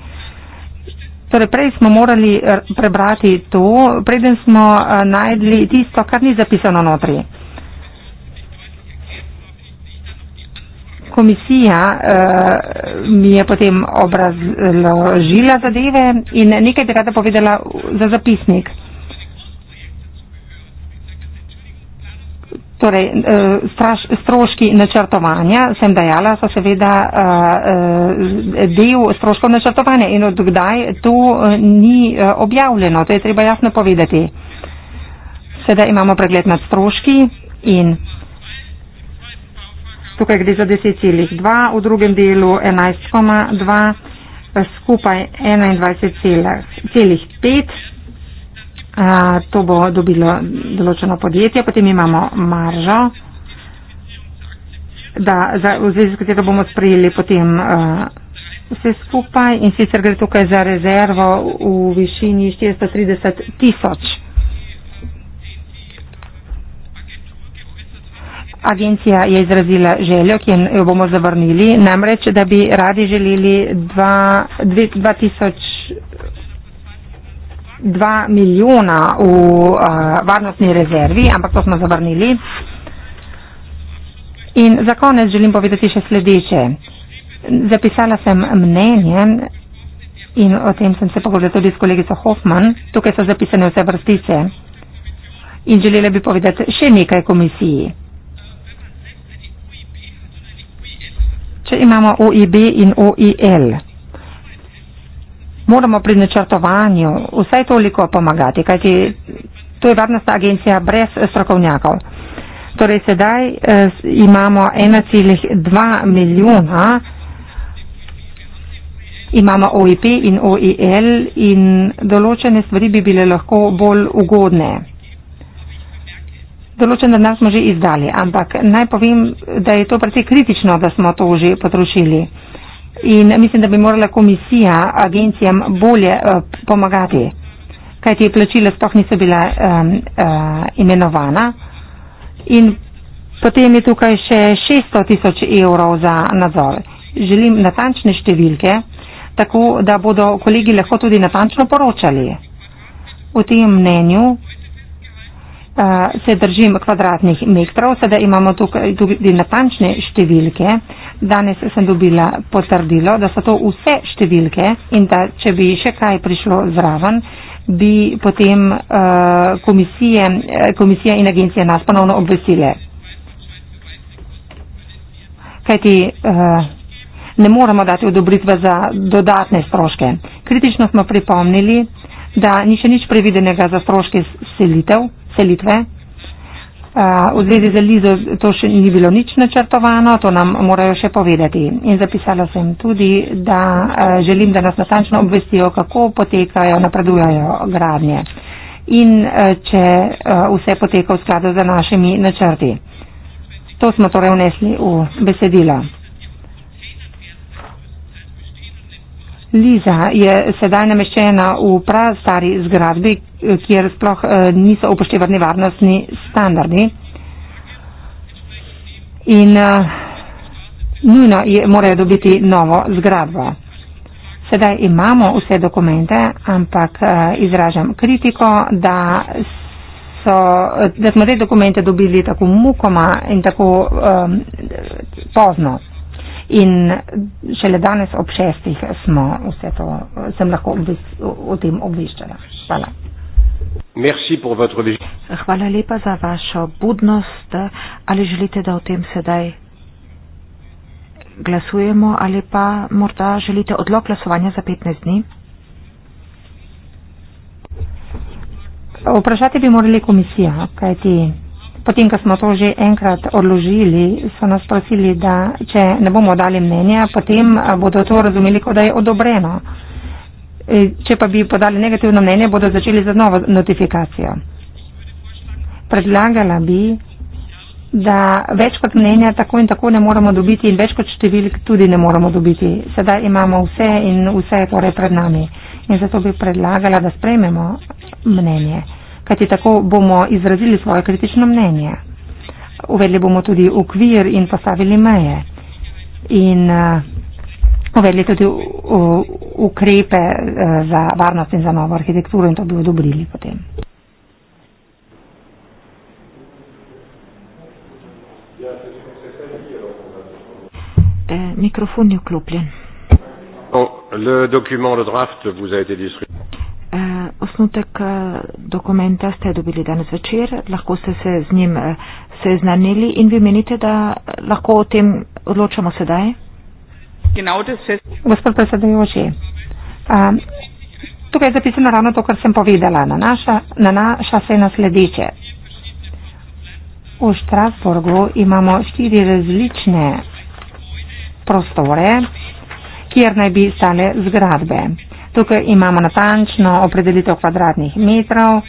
Torej, prej smo morali eh, prebrati to, preden smo eh, najdli tisto, kar ni zapisano notri. Komisija uh, mi je potem obrazložila zadeve in nekaj bi rada povedala za zapisnik. Torej, eh, straš, stroški načrtovanja, sem dejala, so seveda eh, eh, del stroškov načrtovanja in od kdaj to ni objavljeno, to je treba jasno povedati. Sedaj imamo pregled nad stroški in tukaj gre za 10,2, v drugem delu 11,2, skupaj 21,5 to bo dobilo določeno podjetje, potem imamo maržo, da, za, v zvezi s katero bomo sprejeli potem uh, vse skupaj in sicer gre tukaj za rezervo v višini 430 tisoč. Agencija je izrazila željo, ki jo bomo zavrnili, namreč, da bi radi želeli 2000 dva milijona v uh, varnostni rezervi, ampak to smo zavrnili. In za konec želim povedati še sledeče. Zapisala sem mnenje in o tem sem se pogovarjala tudi s kolegico Hoffman. Tukaj so zapisane vse vrstice. In želela bi povedati še nekaj komisiji. Če imamo OIB in OIL moramo pri načrtovanju vsaj toliko pomagati, kajti to je varnostna agencija brez strokovnjakov. Torej, sedaj eh, imamo 1,2 milijona, imamo OIP in OIL in določene stvari bi bile lahko bolj ugodne. Določen denar smo že izdali, ampak naj povem, da je to precej kritično, da smo to že potrošili. Eh, In mislim, da bi morala komisija agencijam bolje uh, pomagati, kaj ti plačila sploh niso bila um, uh, imenovana. In potem je tukaj še 600 tisoč evrov za nadzor. Želim natančne številke, tako da bodo kolegi lahko tudi natančno poročali. V tem mnenju uh, se držim kvadratnih metrov, sedaj imamo tukaj tudi natančne številke. Uh, Danes sem dobila potrdilo, da so to vse številke in da če bi še kaj prišlo zraven, bi potem uh, komisije, eh, komisija in agencija nas ponovno obvesile. Kajti uh, ne moramo dati odobritve za dodatne stroške. Kritično smo pripomnili, da ni še nič previdenega za stroške selitev, selitve. Eh, v zvezi z Elizo to še ni bilo nič načrtovano, to nam morajo še povedati. In zapisala sem tudi, da eh, želim, da nas natančno obvestijo, kako potekajo, napredujajo gradnje in eh, če vse poteka v skladu z našimi načrti. To smo torej vnesli v besedilo. Liza je sedaj nameščena v prav stari zgradbi, kjer sploh eh, niso upoštevani varnostni standardi. In eh, nujno je, morajo dobiti novo zgradbo. Sedaj imamo vse dokumente, ampak eh, izražam kritiko, da, so, da smo te dokumente dobili tako mukoma in tako um, pozno. In šele danes ob šestih smo vse to, sem lahko obvis, o, o tem obveščala. Hvala. Merci pour votre Hvala lepa za vašo budnost. Ali želite, da o tem sedaj glasujemo ali pa morda želite odlog glasovanja za 15 dni? Vprašati bi morali komisija, kajti potem, ko smo to že enkrat odložili, so nas prosili, da če ne bomo dali mnenja, potem bodo to razumeli, kot da je odobreno. E, če pa bi podali negativno mnenje, bodo začeli za novo notifikacijo. Predlagala bi, da več kot mnenja tako in tako ne moramo dobiti in več kot številk tudi ne moramo dobiti. Sedaj imamo vse in vse je torej pred nami. In zato bi predlagala, da sprejmemo mnenje, kajti tako bomo izrazili svoje kritično mnenje. Uvedli bomo tudi ukvir in postavili meje. In uh, uvedli tudi ukrepe eh, za varnost in za novo arhitekturo in to bi odobrili potem. Eh, mikrofon je vklopljen. Eh, osnutek dokumenta ste dobili danes večer, lahko ste se z njim seznanili in vi menite, da lahko o tem odločamo sedaj? Gospod predsedujoči, um, tukaj je zapisano ravno to, kar sem povedala. Na naša, na naša se nasledeče. V Štrasburgu imamo štiri različne prostore, kjer naj bi stale zgradbe. Tukaj imamo natančno opredelitev kvadratnih metrov,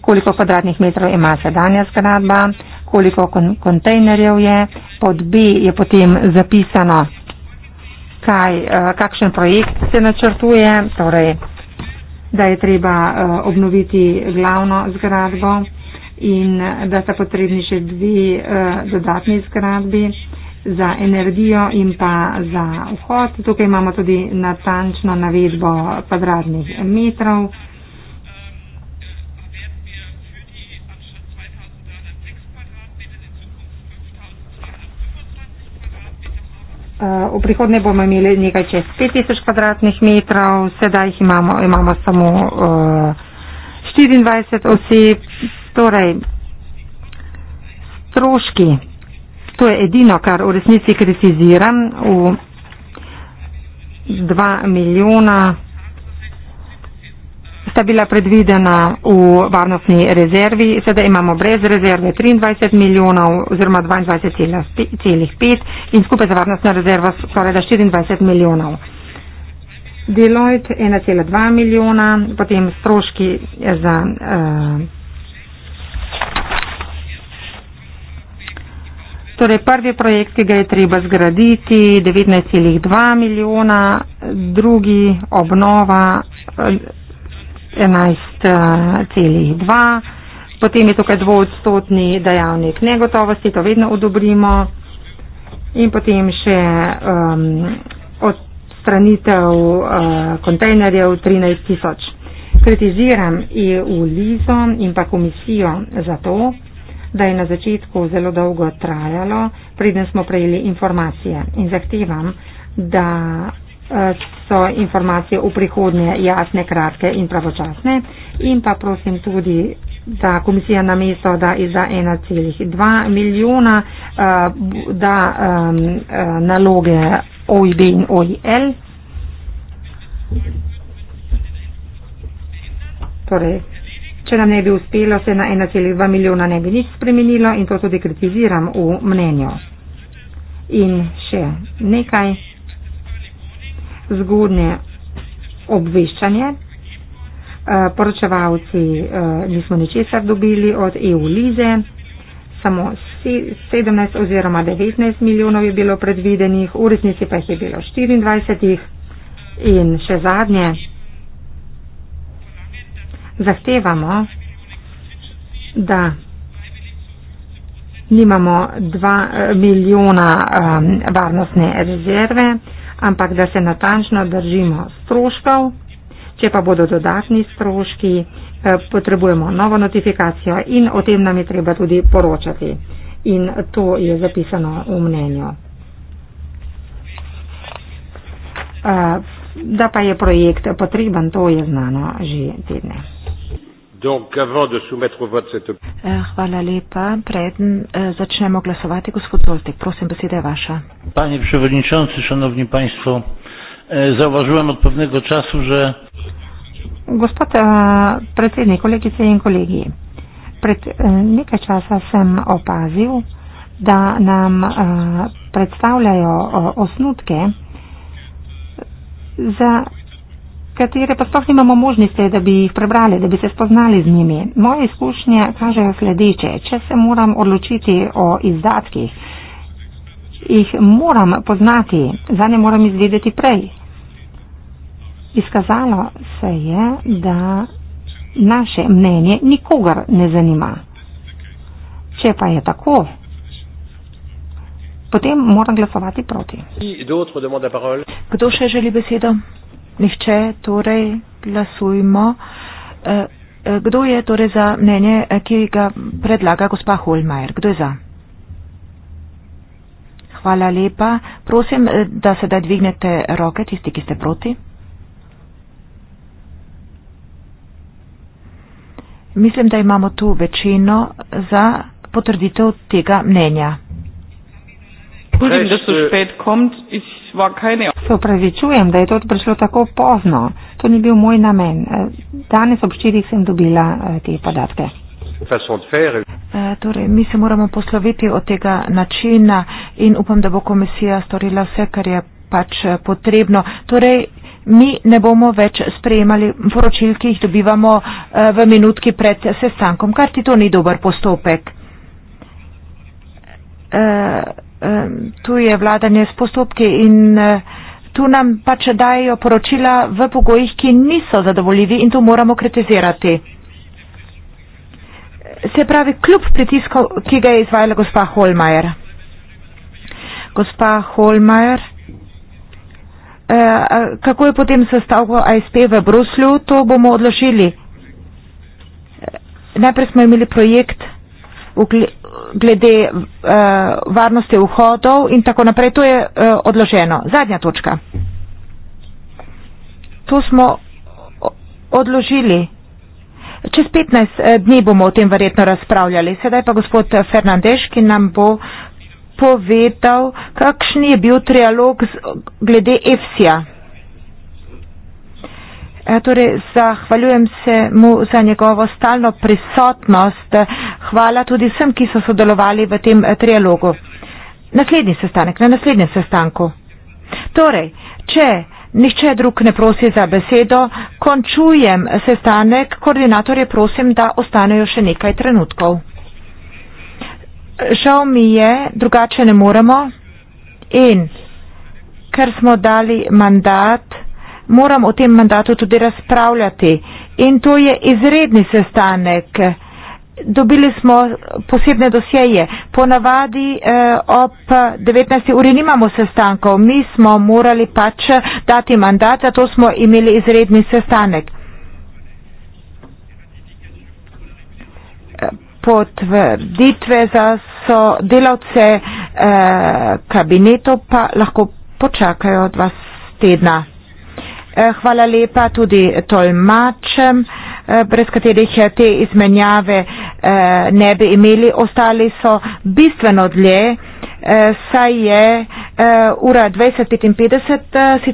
koliko kvadratnih metrov ima sedanja zgradba, koliko kon kontejnerjev je, pod B je potem zapisano kaj, eh, kakšen projekt se načrtuje, torej, da je treba eh, obnoviti glavno zgradbo in eh, da sta potrebni še dve dodatni zgradbi za energijo in pa za vhod. Tukaj imamo tudi natančno navedbo kvadratnih metrov. Eh, v prihodnje bomo imeli nekaj čez 5000 kvadratnih metrov, sedaj jih imamo, imamo samo uh, eh, 24 oseb. Torej, stroški, to je edino, kar v resnici kritiziram, v 2 milijona sta bila predvidena v varnostni rezervi, sedaj imamo brez rezerve 23 milijonov oziroma 22,5 in skupaj za varnostno rezervo skoraj da 24 milijonov. Deloitte 1,2 milijona, potem stroški za. Uh, Torej, prvi projekt, ki ga je treba zgraditi, 19,2 milijona, drugi obnova eh, 11,2. Eh, potem je tukaj dvodstotni dejavnik negotovosti, to vedno odobrimo. In potem še um, odstranitev uh, kontejnerjev 13 tisoč. Kritiziram EU Lizo in pa komisijo za to, da je na začetku zelo dolgo trajalo, preden smo prejeli informacije. In zahtevam, da so informacije v prihodnje jasne, kratke in pravočasne. In pa prosim tudi, da komisija namesto, da izda 1,2 milijona, eh, da eh, naloge OIB in OIL. Torej, če nam ne bi uspelo, se na 1,2 milijona ne bi nič spremenilo in to tudi kritiziram v mnenju. In še nekaj zgodne obveščanje. Eh, poročevalci eh, nismo ničesar dobili od EU Lize, samo 17 oziroma 19 milijonov je bilo predvidenih, v resnici pa jih je bilo 24. In še zadnje, zahtevamo, da nimamo 2 eh, milijona varnostne rezerve ampak da se natančno držimo stroškov. Če pa bodo dodatni stroški, eh, potrebujemo novo notifikacijo in o tem nam je treba tudi poročati. In to je zapisano v mnenju. Eh, da pa je projekt potreben, to je znano že tedne. Donc, avant de soumettre au vote cette... Eh, hvala lepa. Preden eh, začnemo glasovati, gospod Zoltek, prosim, beseda je vaša. Panie przewodniczący, szanowni państwo, eh, zauważyłem od pewnego czasu, że... Gospod eh, predsednik, kolegice in kolegi, pred eh, nekaj časa sem opazil, da nam eh, predstavljajo eh, osnutke za katere pa sploh nimamo možnosti, da bi jih prebrali, da bi se spoznali z njimi. Moje izkušnje kažejo sledeče. Če se moram odločiti o izdatkih, jih moram poznati, za ne moram izvedeti prej. Izkazalo se je, da naše mnenje nikogar ne zanima. Če pa je tako, potem moram glasovati proti. Kdo še želi besedo? nihče, torej glasujmo. Eh, eh, kdo je torej za mnenje, eh, ki ga predlaga gospa Holmajer? Kdo je za? Hvala lepa. Prosim, da sedaj dvignete roke, tisti, ki ste proti. Mislim, da imamo tu večino za potrditev tega mnenja. Budem, da so spet komt, ich Se upravičujem, da je to prišlo tako pozno. To ni bil moj namen. Eh, danes ob štirih sem dobila eh, te podatke. Eh, torej, mi se moramo posloviti od tega načina in upam, da bo komisija storila vse, kar je pač potrebno. Torej, mi ne bomo več sprejemali poročil, ki jih dobivamo v minutki pred sestankom, kar ti to ni dober postopek. Uh, tu je vladanje s postopki in eh, tu nam pač dajo poročila v pogojih, ki niso zadovoljivi in tu moramo kritizirati. Se pravi, kljub pritisku, ki ga je izvajala gospa Holmajer. Gospa Holmajer, eh, kako je potem sestavko ASP v Bruslju, to bomo odložili. Eh, najprej smo imeli projekt glede uh, varnosti vhodov in tako naprej. To je uh, odloženo. Zadnja točka. To smo odložili. Čez 15 eh, dni bomo o tem verjetno razpravljali. Sedaj pa gospod Fernandeš, ki nam bo povedal, kakšni je bil trialog z, glede EFSI-ja. E, torej, zahvaljujem se mu za njegovo stalno prisotnost. E, Hvala tudi vsem, ki so sodelovali v tem eh, trialogu. Naslednji sestanek, na naslednjem sestanku. Torej, če nihče drug ne prosi za besedo, končujem sestanek, koordinatorje prosim, da ostanejo še nekaj trenutkov. Žal mi je, drugače ne moremo in ker smo dali mandat, moram o tem mandatu tudi razpravljati. In to je izredni sestanek dobili smo posebne dosjeje. Ponavadi eh, ob 19. uri nimamo sestankov, mi smo morali pač dati mandat, zato smo imeli izredni sestanek. Eh, Potvrditve za so delavce eh, kabineto pa lahko počakajo dva tedna. Eh, hvala lepa tudi tolmačem. Eh, Eh, brez katerih eh, te izmenjave eh, ne bi imeli. Ostali so bistveno dlje, saj je ura 20.55 sicer.